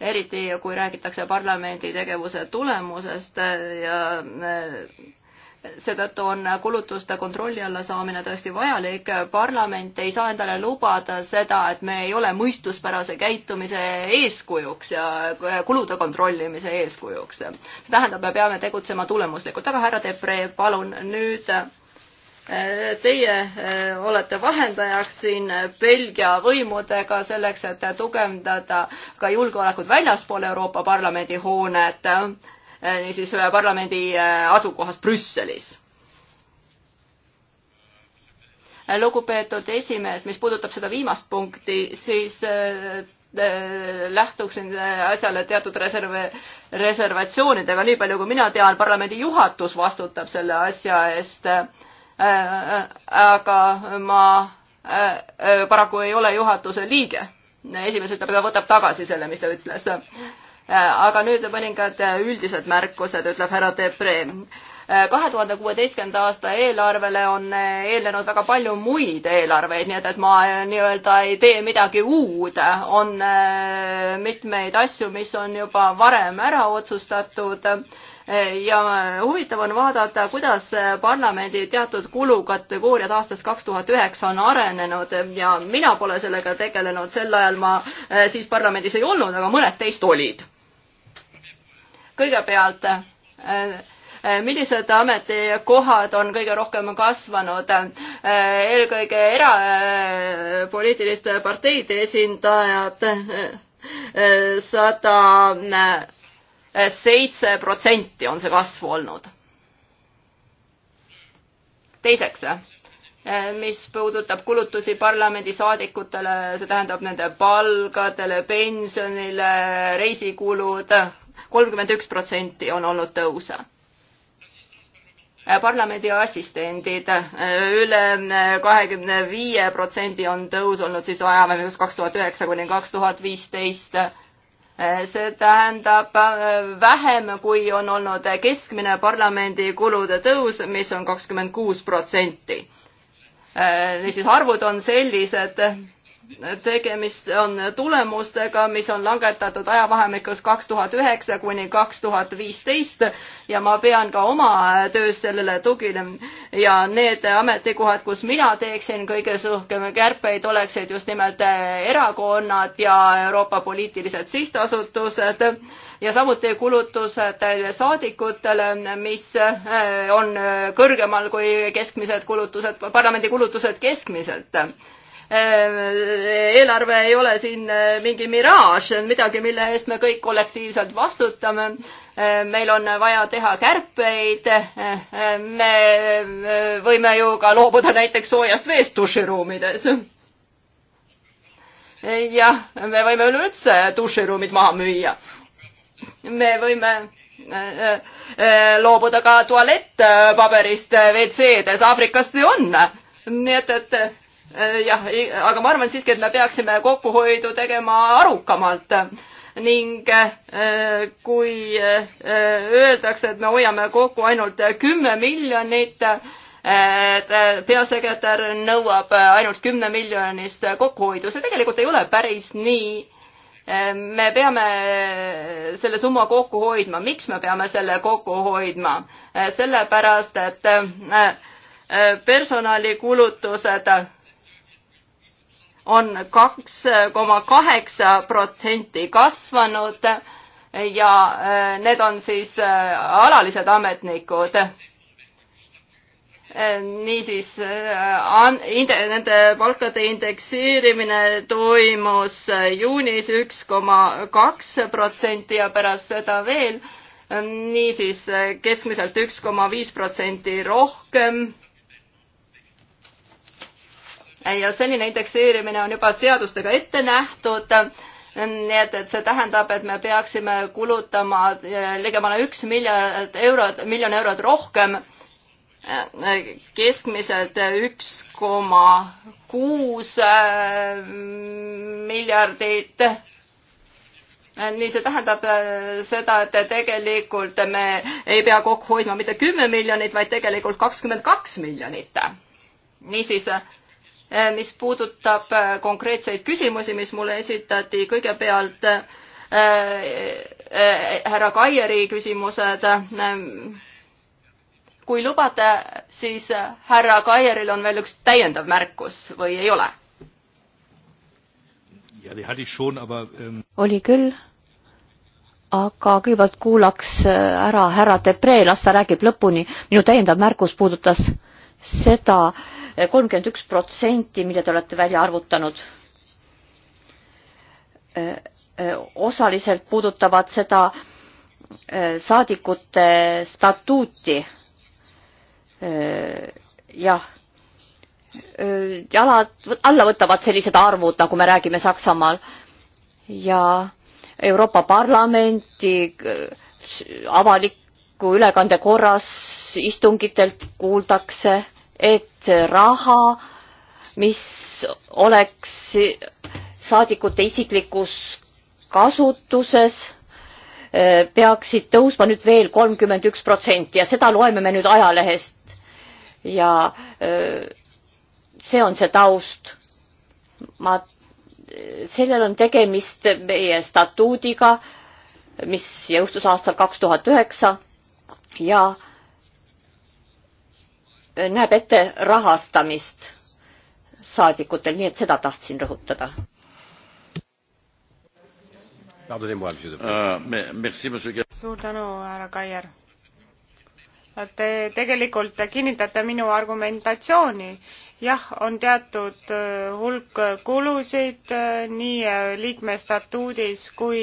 eriti kui räägitakse parlamendi tegevuse tulemusest ja seetõttu on kulutuste kontrolli alla saamine tõesti vajalik. parlament ei saa endale lubada seda, et me ei ole mõistuspärase käitumise eeskujuks ja kulude kontrollimise eeskujuks. see tähendab, me peame tegutsema tulemuslikult, aga härra Depree, palun nüüd eh, Teie eh, olete vahendajaks siin Belgia võimudega selleks, et tugevdada ka julgeolekut väljaspool Euroopa Parlamendi hoonet Äh, niisiis äh, parlamendi äh, asukohast Brüsselis lugupeetud esimees, mis puudutab seda viimast punkti, siis lähtuksin asjale teatud reserve, reservatsioonidega, nii palju kui mina tean, parlamendi juhatus vastutab selle asja eest. aga ma paraku ei ole juhatuse liige. esimees ütleb, ta võtab tagasi selle, mis ta ütles Äh, aga nüüd mõningad äh, üldised märkused, ütleb härra Debre. Äh, kahe tuhande kuueteistkümnenda aasta eelarvele on eelnenud väga palju muid eelarveid, nii et, et ma nii-öelda ei tee midagi uud. on mitmeid asju, mis on juba varem ära otsustatud ja huvitav on vaadata, kuidas parlamendi teatud kulukategooriad aastast kaks tuhat üheksa on arenenud ja mina pole sellega tegelenud, sel ajal ma siis parlamendis ei olnud, aga mõned teist olid kõigepealt, äh, äh, millised ametikohad on kõige rohkem kasvanud? Äh, eelkõige erapoliitiliste parteide esindajad, sada seitse protsenti on see kasv olnud. teiseks mis puudutab kulutusi parlamendisaadikutele, see tähendab nende palgadele, pensionile, reisikulud, kolmkümmend üks protsenti on olnud tõuse parlamendi assistendid üle kahekümne viie protsendi on tõus olnud siis ajavahemikus kaks tuhat üheksa kuni kaks tuhat viisteist. see tähendab äh, vähem, kui on olnud keskmine parlamendi kulude tõus, mis on kakskümmend kuus protsenti. Äh, niisiis arvud on sellised tegemist on tulemustega, mis on langetatud ajavahemikus kaks tuhat üheksa kuni kaks tuhat viisteist ja ma pean ka oma töös sellele tuginema ja need ametikohad, kus mina teeksin kõige rohkem kärpeid, oleksid just nimelt erakonnad ja Euroopa poliitilised sihtasutused ja samuti kulutused saadikutele, mis eh, on kõrgemal kui keskmised kulutused, parlamendi kulutused keskmiselt Ehm, eelarve ei ole siin eh, mingi miraaž, midagi, mille eest me kõik kollektiivselt vastutame. Ehm, meil on vaja teha kärpeid. Ehm, me eh, võime ju ka loobuda näiteks soojast veest duširuumides. jah, me võime üleüldse duširuumid maha müüa. me võime eh, loobuda ka tualettpaberist WC-des, Aafrikas see on. nii et, et Äh, jah, aga ma arvan siiski, et me peaksime kokkuhoidu tegema arukamalt ning äh, kui äh, öeldakse, et me hoiame kokku ainult kümme miljonit, et peasekretär nõuab ainult kümne miljonist kokkuhoidu, see tegelikult ei ole päris nii. me peame selle summa kokku hoidma, miks me peame selle kokku hoidma? sellepärast, et personalikulutused on kaks koma kaheksa protsenti kasvanud ja eh, need on siis eh, alalised ametnikud eh, niisiis nende palkade indekseerimine toimus juunis üks koma kaks protsenti ja pärast seda veel niisiis keskmiselt üks koma viis protsenti rohkem ja selline indekseerimine on juba seadustega ette nähtud nii et, et see tähendab, et me peaksime kulutama eh, ligemale üks miljard eurot, miljon eurot rohkem, eh, keskmiselt üks koma kuus eh, miljardit. nii, see tähendab seda, et tegelikult me ei pea kokku hoidma mitte kümme miljonit, vaid tegelikult kakskümmend kaks miljonit. niisiis Eh, mis puudutab eh, konkreetseid küsimusi, mis mulle esitati, kõigepealt eh, härra Kaieri küsimused. kui lubate, siis härra Kaieril on veel üks täiendav märkus või ei ole? Ähm, oli küll, aga kõigepealt kuulaks äh, ära härra Debre, las ta räägib lõpuni. minu täiendav märkus puudutas seda, kolmkümmend üks protsenti, mille te olete välja arvutanud. osaliselt puudutavad seda saadikute statuuti. jah, jalad alla võtavad sellised arvud, nagu me räägime Saksamaal ja Euroopa Parlamenti avaliku ülekande korras istungitelt kuuldakse et raha, mis oleks saadikute isiklikus kasutuses, eh, peaksid tõusma nüüd veel kolmkümmend üks protsenti ja seda loeme me nüüd ajalehest. ja eh, see on see taust. ma, eh, sellel on tegemist meie statuudiga, mis jõustus aastal kaks tuhat üheksa ja äh, näeb ette rahastamist saadikutel, nii et seda tahtsin rõhutada. Euh, suur tänu, härra Kaier. Te tegelikult kinnitate minu argumentatsiooni jah, on teatud äh, hulk kulusid äh, nii äh, liikme statuudis kui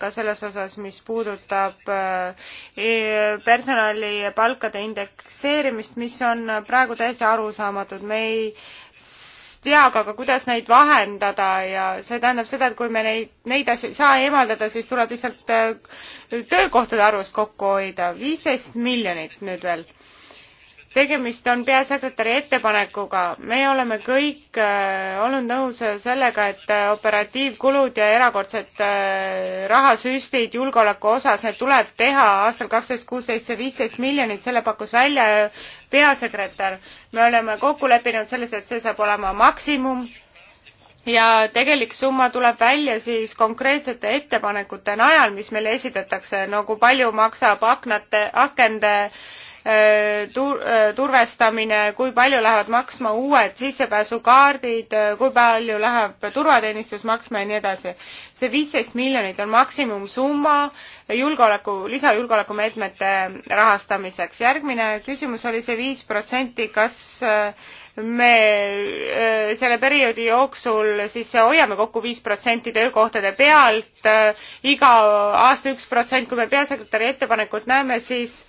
ka selles osas, mis puudutab e-, personali palkade indekseerimist, mis on praegu täiesti arusaamatud. me ei tea ka, aga kuidas neid vahendada ja see tähendab seda, et kui me neid, neid asju ei saa eemaldada, siis tuleb lihtsalt töökohtade arvust kokku hoida. viisteist miljonit nüüd veel tegemist on peasekretäri ettepanekuga. meie oleme kõik äh, olnud nõus sellega, et äh, operatiivkulud ja erakordsed äh, rahasüstid julgeoleku osas, need tuleb teha aastal kaksteist kuusteist, see viisteist miljonit, selle pakkus välja peasekretär. me oleme kokku leppinud selles, et see saab olema maksimum ja tegelik summa tuleb välja siis konkreetsete ettepanekute najal, mis meile esitatakse, nagu palju maksab aknate, akende äh, Äh, tur-, äh, turvestamine, kui palju lähevad maksma uued sissepääsukaardid, äh, kui palju läheb turvateenistus maksma ja nii edasi. see viisteist miljonit on maksimumsumma julgeoleku, lisajulgeolekumeetmete rahastamiseks. järgmine küsimus oli see viis protsenti, kas me selle perioodi jooksul siis hoiame kokku viis protsenti töökohtade pealt, iga aasta üks protsent, kui me peasekretäri ettepanekut näeme, siis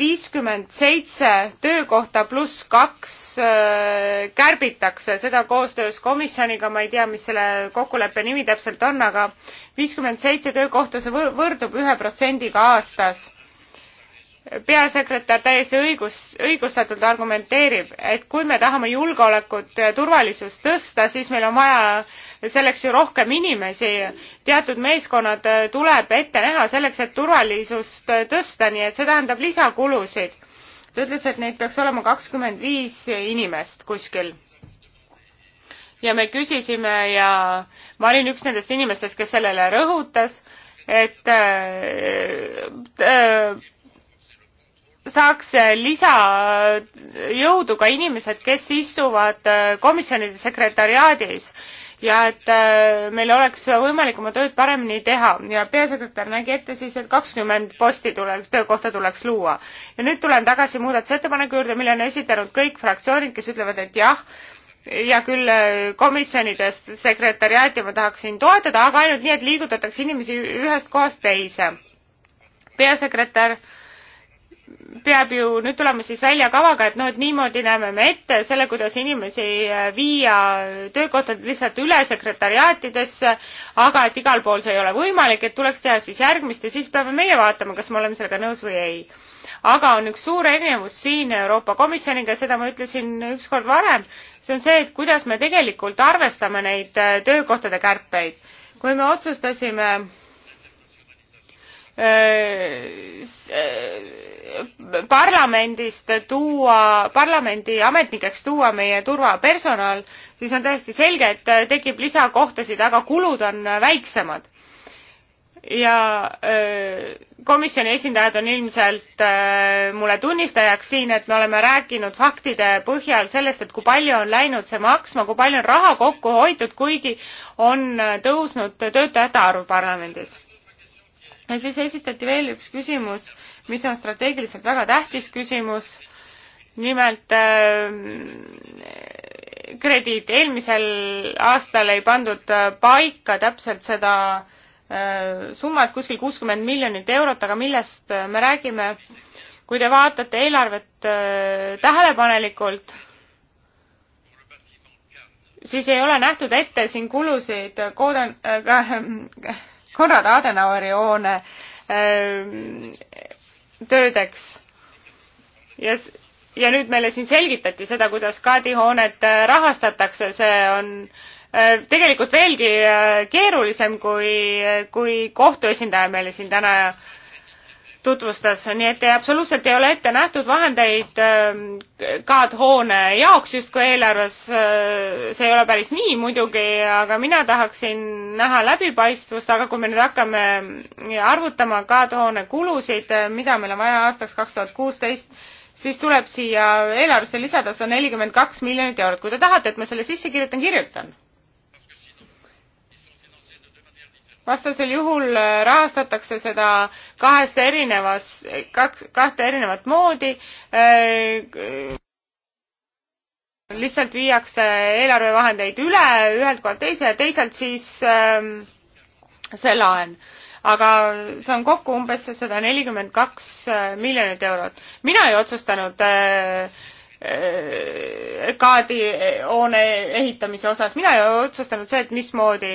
viiskümmend seitse töökohta pluss kaks äh, kärbitakse, seda koostöös komisjoniga, ma ei tea, mis selle kokkuleppe nimi täpselt on, aga viiskümmend seitse töökohta see, see võrdub ühe protsendiga aastas peasekretär täiesti õigus, õigustatult argumenteerib, et kui me tahame julgeolekut ja turvalisust tõsta, siis meil on vaja selleks ju rohkem inimesi. teatud meeskonnad tuleb ette näha selleks, et turvalisust tõsta, nii et see tähendab lisakulusid. ta ütles, et neid peaks olema kakskümmend viis inimest kuskil ja me küsisime ja ma olin üks nendest inimestest, kes sellele rõhutas, et äh, äh, saaks äh, lisajõudu ka inimesed, kes istuvad äh, komisjonide sekretariaadis ja et äh, meil oleks võimalik oma tööd paremini teha ja peasekretär nägi ette siis, et kakskümmend posti tuleks, töökohta tuleks luua. ja nüüd tulen tagasi muudatusettepaneku juurde, mille on esitanud kõik fraktsioonid, kes ütlevad, et jah, hea küll, komisjonidest sekretäriaati ma tahaksin toetada, aga ainult nii, et liigutatakse inimesi ühest kohast teise. peasekretär äh, peab ju nüüd tulema siis välja kavaga, et noh, et niimoodi näeme me ette selle, kuidas inimesi äh, viia töökohtadelt lihtsalt üle sekretariaatidesse, aga et igal pool see ei ole võimalik, et tuleks teha siis järgmist ja siis peame meie vaatama, kas me oleme sellega nõus või ei. aga on üks suur erinevus siin Euroopa Komisjoniga, seda ma ütlesin ükskord varem, see on see, et kuidas me tegelikult arvestame neid äh, töökohtade kärpeid. kui me otsustasime Äh, äh, parlamendist tuua, parlamendi ametnikeks tuua meie turvapersonal, siis on täiesti selge, et äh, tekib lisakohtasid, aga kulud on väiksemad. ja komisjoni esindajad on ilmselt mulle tunnistajaks siin, et me oleme rääkinud faktide põhjal sellest, et kui palju on läinud see maksma, kui palju on raha kokku hoitud, kuigi on tõusnud töötajate arv parlamendis siis esitati veel üks küsimus, mis on strateegiliselt väga tähtis küsimus, nimelt äh, krediit. eelmisel aastal ei pandud äh, paika täpselt seda äh, summat, kuskil kuuskümmend miljonit eurot, aga millest me räägime? kui te vaatate eelarvet tähelepanelikult, siis ei ole nähtud ette siin kulusid koodan- äh,, <laughs> Konrad Adenaueri hoone ähm, töödeks. ja, ja nüüd meile siin selgitati seda, kuidas Kadi hoonet äh, rahastatakse, see on äh, tegelikult veelgi äh, keerulisem, kui, kui kohtuesindaja meile siin täna tutvustas, nii et absoluutselt ei ole ette nähtud vahendeid ähm, kaadhoone jaoks justkui eelarves. Äh, see ei ole päris nii muidugi, aga mina tahaksin näha läbipaistvust, aga kui me nüüd hakkame arvutama kaadhoone kulusid, äh, mida meil on vaja aastaks kaks tuhat kuusteist, siis tuleb siia eelarvesse lisada sada nelikümmend kaks miljonit eurot. kui te tahate, et ma selle sisse kirjutan, kirjutan vastasel juhul äh, rahastatakse seda kahest erinevas, kaks, kahte erinevat moodi. Äh, lihtsalt viiakse eelarvevahendeid üle ühelt kohalt teise ja teisalt siis ähm, see laen aga see on kokku umbes sada nelikümmend kaks äh, miljonit eurot. mina ei otsustanud äh, kaadihoone ehitamise osas, mina ei otsustanud see, et mismoodi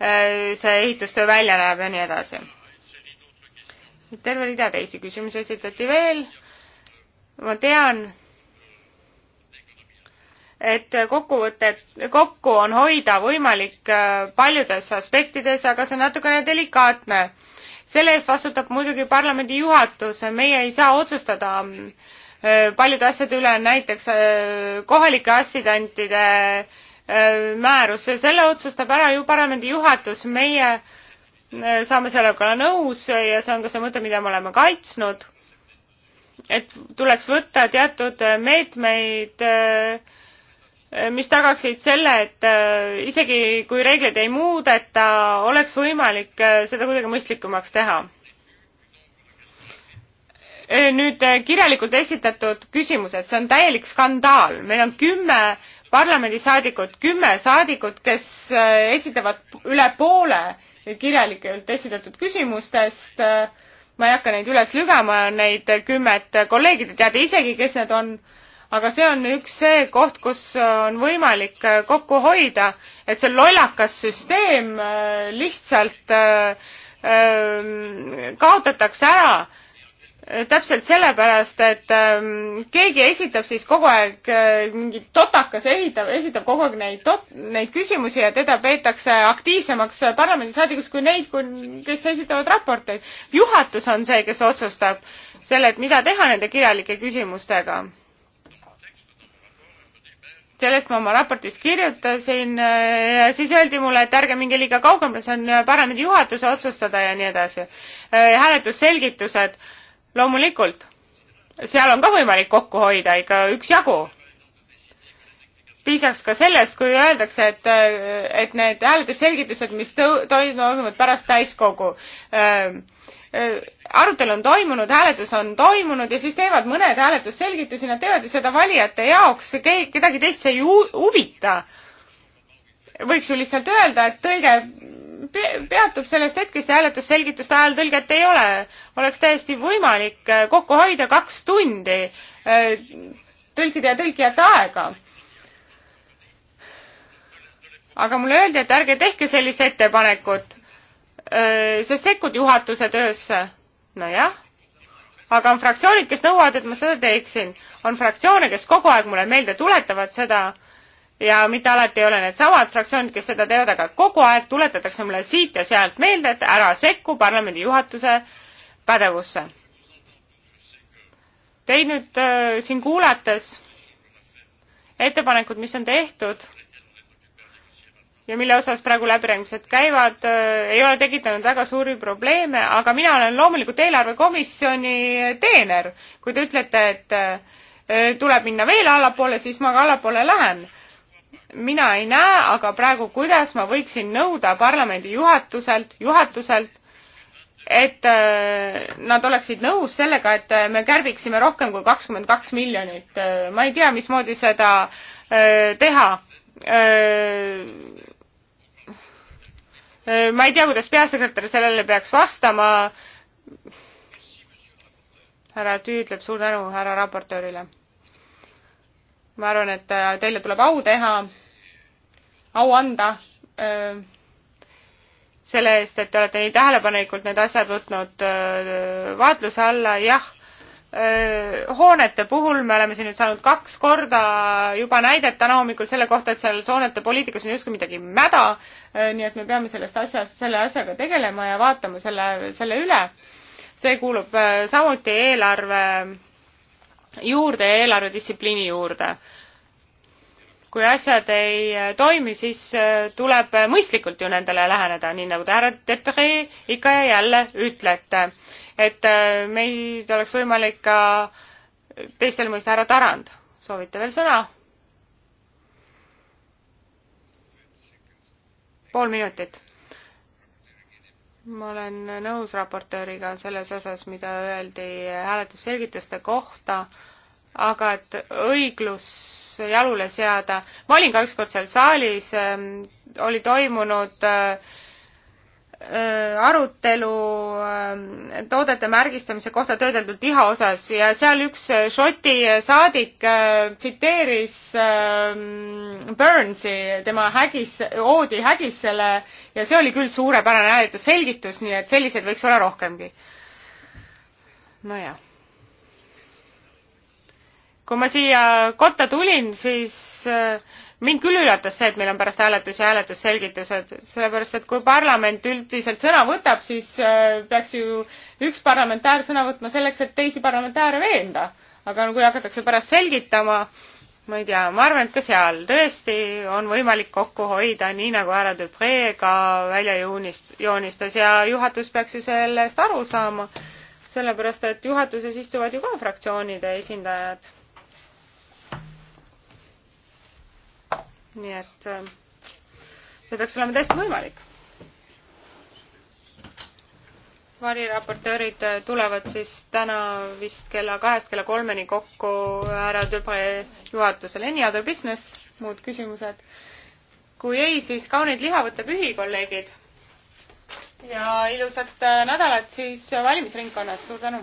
Äh, see ehitustöö välja näeb ja nii edasi. terve rida teisi küsimusi esitati veel. ma tean, et kokkuvõtet, kokku on hoida võimalik äh, paljudes aspektides, aga see on natukene delikaatne. selle eest vastutab muidugi parlamendi juhatus, meie ei saa otsustada äh, paljude asjade üle, näiteks kohalike assidentide äh, määrus, selle otsustab ära ju parlamendi juhatus, meie äh, saame sellega olla nõus ja see on ka see mõte, mida me oleme kaitsnud. et tuleks võtta teatud meetmeid, äh, mis tagaksid selle, et äh, isegi kui reegleid ei muudeta, oleks võimalik seda kuidagi mõistlikumaks teha. nüüd kirjalikult esitatud küsimused, see on täielik skandaal, meil on kümme 10 parlamendisaadikud, kümme saadikut, kes äh, esitavad üle poole kirjalikult esitatud küsimustest. ma ei hakka neid üles lügema, neid kümmet kolleegi, te teate isegi, kes need on. aga see on üks see koht, kus on võimalik äh, kokku hoida, et see lollakas süsteem äh, lihtsalt ähm, kaotatakse ära täpselt sellepärast, et ähm, keegi esitab siis kogu aeg äh, mingi totakas esitab, esitab kogu aeg neid tot-, neid küsimusi ja teda peetakse aktiivsemaks parlamendisaadikuks kui neid, kui, kes esitavad raporteid. juhatus on see, kes otsustab selle, et mida teha nende kirjalike küsimustega. sellest ma oma raportis kirjutasin äh, ja siis öeldi mulle, et ärge minge liiga kaugemale, see on äh, parlamendi juhatuse otsustada ja nii edasi. Äh, hääletusselgitused äh, loomulikult, seal on ka võimalik kokku hoida ikka üksjagu. piisaks ka sellest, kui öeldakse, et, et need hääletusselgitused, mis toimuvad pärast täiskogu ähm, äh,, arutelu on toimunud, hääletus on toimunud ja siis teevad mõned hääletusselgitusi, nad teevad ju seda valijate jaoks, kedagi teist see ei huvita. võiks ju lihtsalt öelda, et tõlge pe peatub sellest hetkest ja hääletusselgituste ajal tõlget ei ole. oleks täiesti võimalik äh, kokku hoida kaks tundi äh, tõlkide ja tõlkijate aega. aga mulle öeldi, et ärge tehke sellist ettepanekut. Äh, sa sekkud juhatuse töösse. nojah aga on fraktsioonid, kes nõuavad, et ma seda teeksin. on fraktsioone, kes kogu aeg mulle meelde tuletavad seda ja mitte alati ei ole needsamad fraktsioonid, kes seda teevad, aga kogu aeg tuletatakse mulle siit ja sealt meelde, et ära sekku parlamendi juhatuse pädevusse. Teid nüüd äh, siin kuulates, ettepanekud, mis on tehtud ja mille osas praegu läbirääkimised käivad, äh, ei ole tekitanud väga suuri probleeme, aga mina olen loomulikult eelarvekomisjoni teener. kui te ütlete, et äh, tuleb minna veel allapoole, siis ma ka allapoole lähen mina ei näe aga praegu, kuidas ma võiksin nõuda parlamendi juhatuselt, juhatuselt, et äh, nad oleksid nõus sellega, et äh, me kärbiksime rohkem kui kakskümmend kaks miljonit. Äh, ma ei tea, mismoodi seda teha. ma ei tea, kuidas peasekretär sellele peaks vastama. härra Tüü ütleb suur tänu härra raportöörile ma arvan, et äh, teile tuleb au teha, au anda öö, äh, selle eest, et te olete nii tähelepanelikult need asjad võtnud öö, äh, vaatluse alla, jah, hoonete puhul me oleme siin nüüd saanud kaks korda juba näidet täna hommikul selle kohta, et selles hoonete poliitikas on justkui midagi mäda, nii et me peame sellest asjast, selle asjaga tegelema ja vaatama selle, selle üle. see kuulub öö, samuti eelarve juurde ja eelarvedistsipliini juurde. kui asjad ei äh, toimi, siis äh, tuleb äh, mõistlikult ju nendele läheneda, nii nagu te härra Tetre ikka ja jälle ütlete. et meid oleks võimalik ka teistel mõista härra Tarand, soovite veel sõna? pool minutit ma olen nõus raportööriga selles osas, mida öeldi hääletusselgituste kohta aga et õiglus jalule seada. ma olin ka ükskord seal saalis, ähm, oli toimunud äh, äh, arutelu ähm, toodete märgistamise kohta töödeldud liha osas ja seal üks äh, Šoti saadik tsiteeris ähm, Burnsi, tema hägis, oodi hägisele ja see oli küll suurepärane hääletusselgitus, nii et selliseid võiks olla rohkemgi. nojah kui ma siia kotta tulin, siis äh, mind küll üllatas see, et meil on pärast hääletusi hääletusselgitused, sellepärast et kui parlament üldiselt sõna võtab, siis äh, peaks ju üks parlamentäär sõna võtma selleks, et teisi parlamentääre veenda. aga no kui hakatakse pärast selgitama, ma ei tea, ma arvan, et ka seal tõesti on võimalik kokku hoida, nii nagu härra Dupree ka välja joonist, joonistas ja juhatus peaks ju selle eest aru saama, sellepärast et juhatuses istuvad ju ka fraktsioonide esindajad nii et äh, see peaks olema täiesti võimalik. variraportöörid äh, tulevad siis täna vist kella kahest kella kolmeni kokku äh, härra Tüpre juhatusel. Any other business, muud küsimused? kui ei, siis kauneid lihavõtte pühi, kolleegid! ja ilusat nädalat siis valimisringkonnas, suur tänu!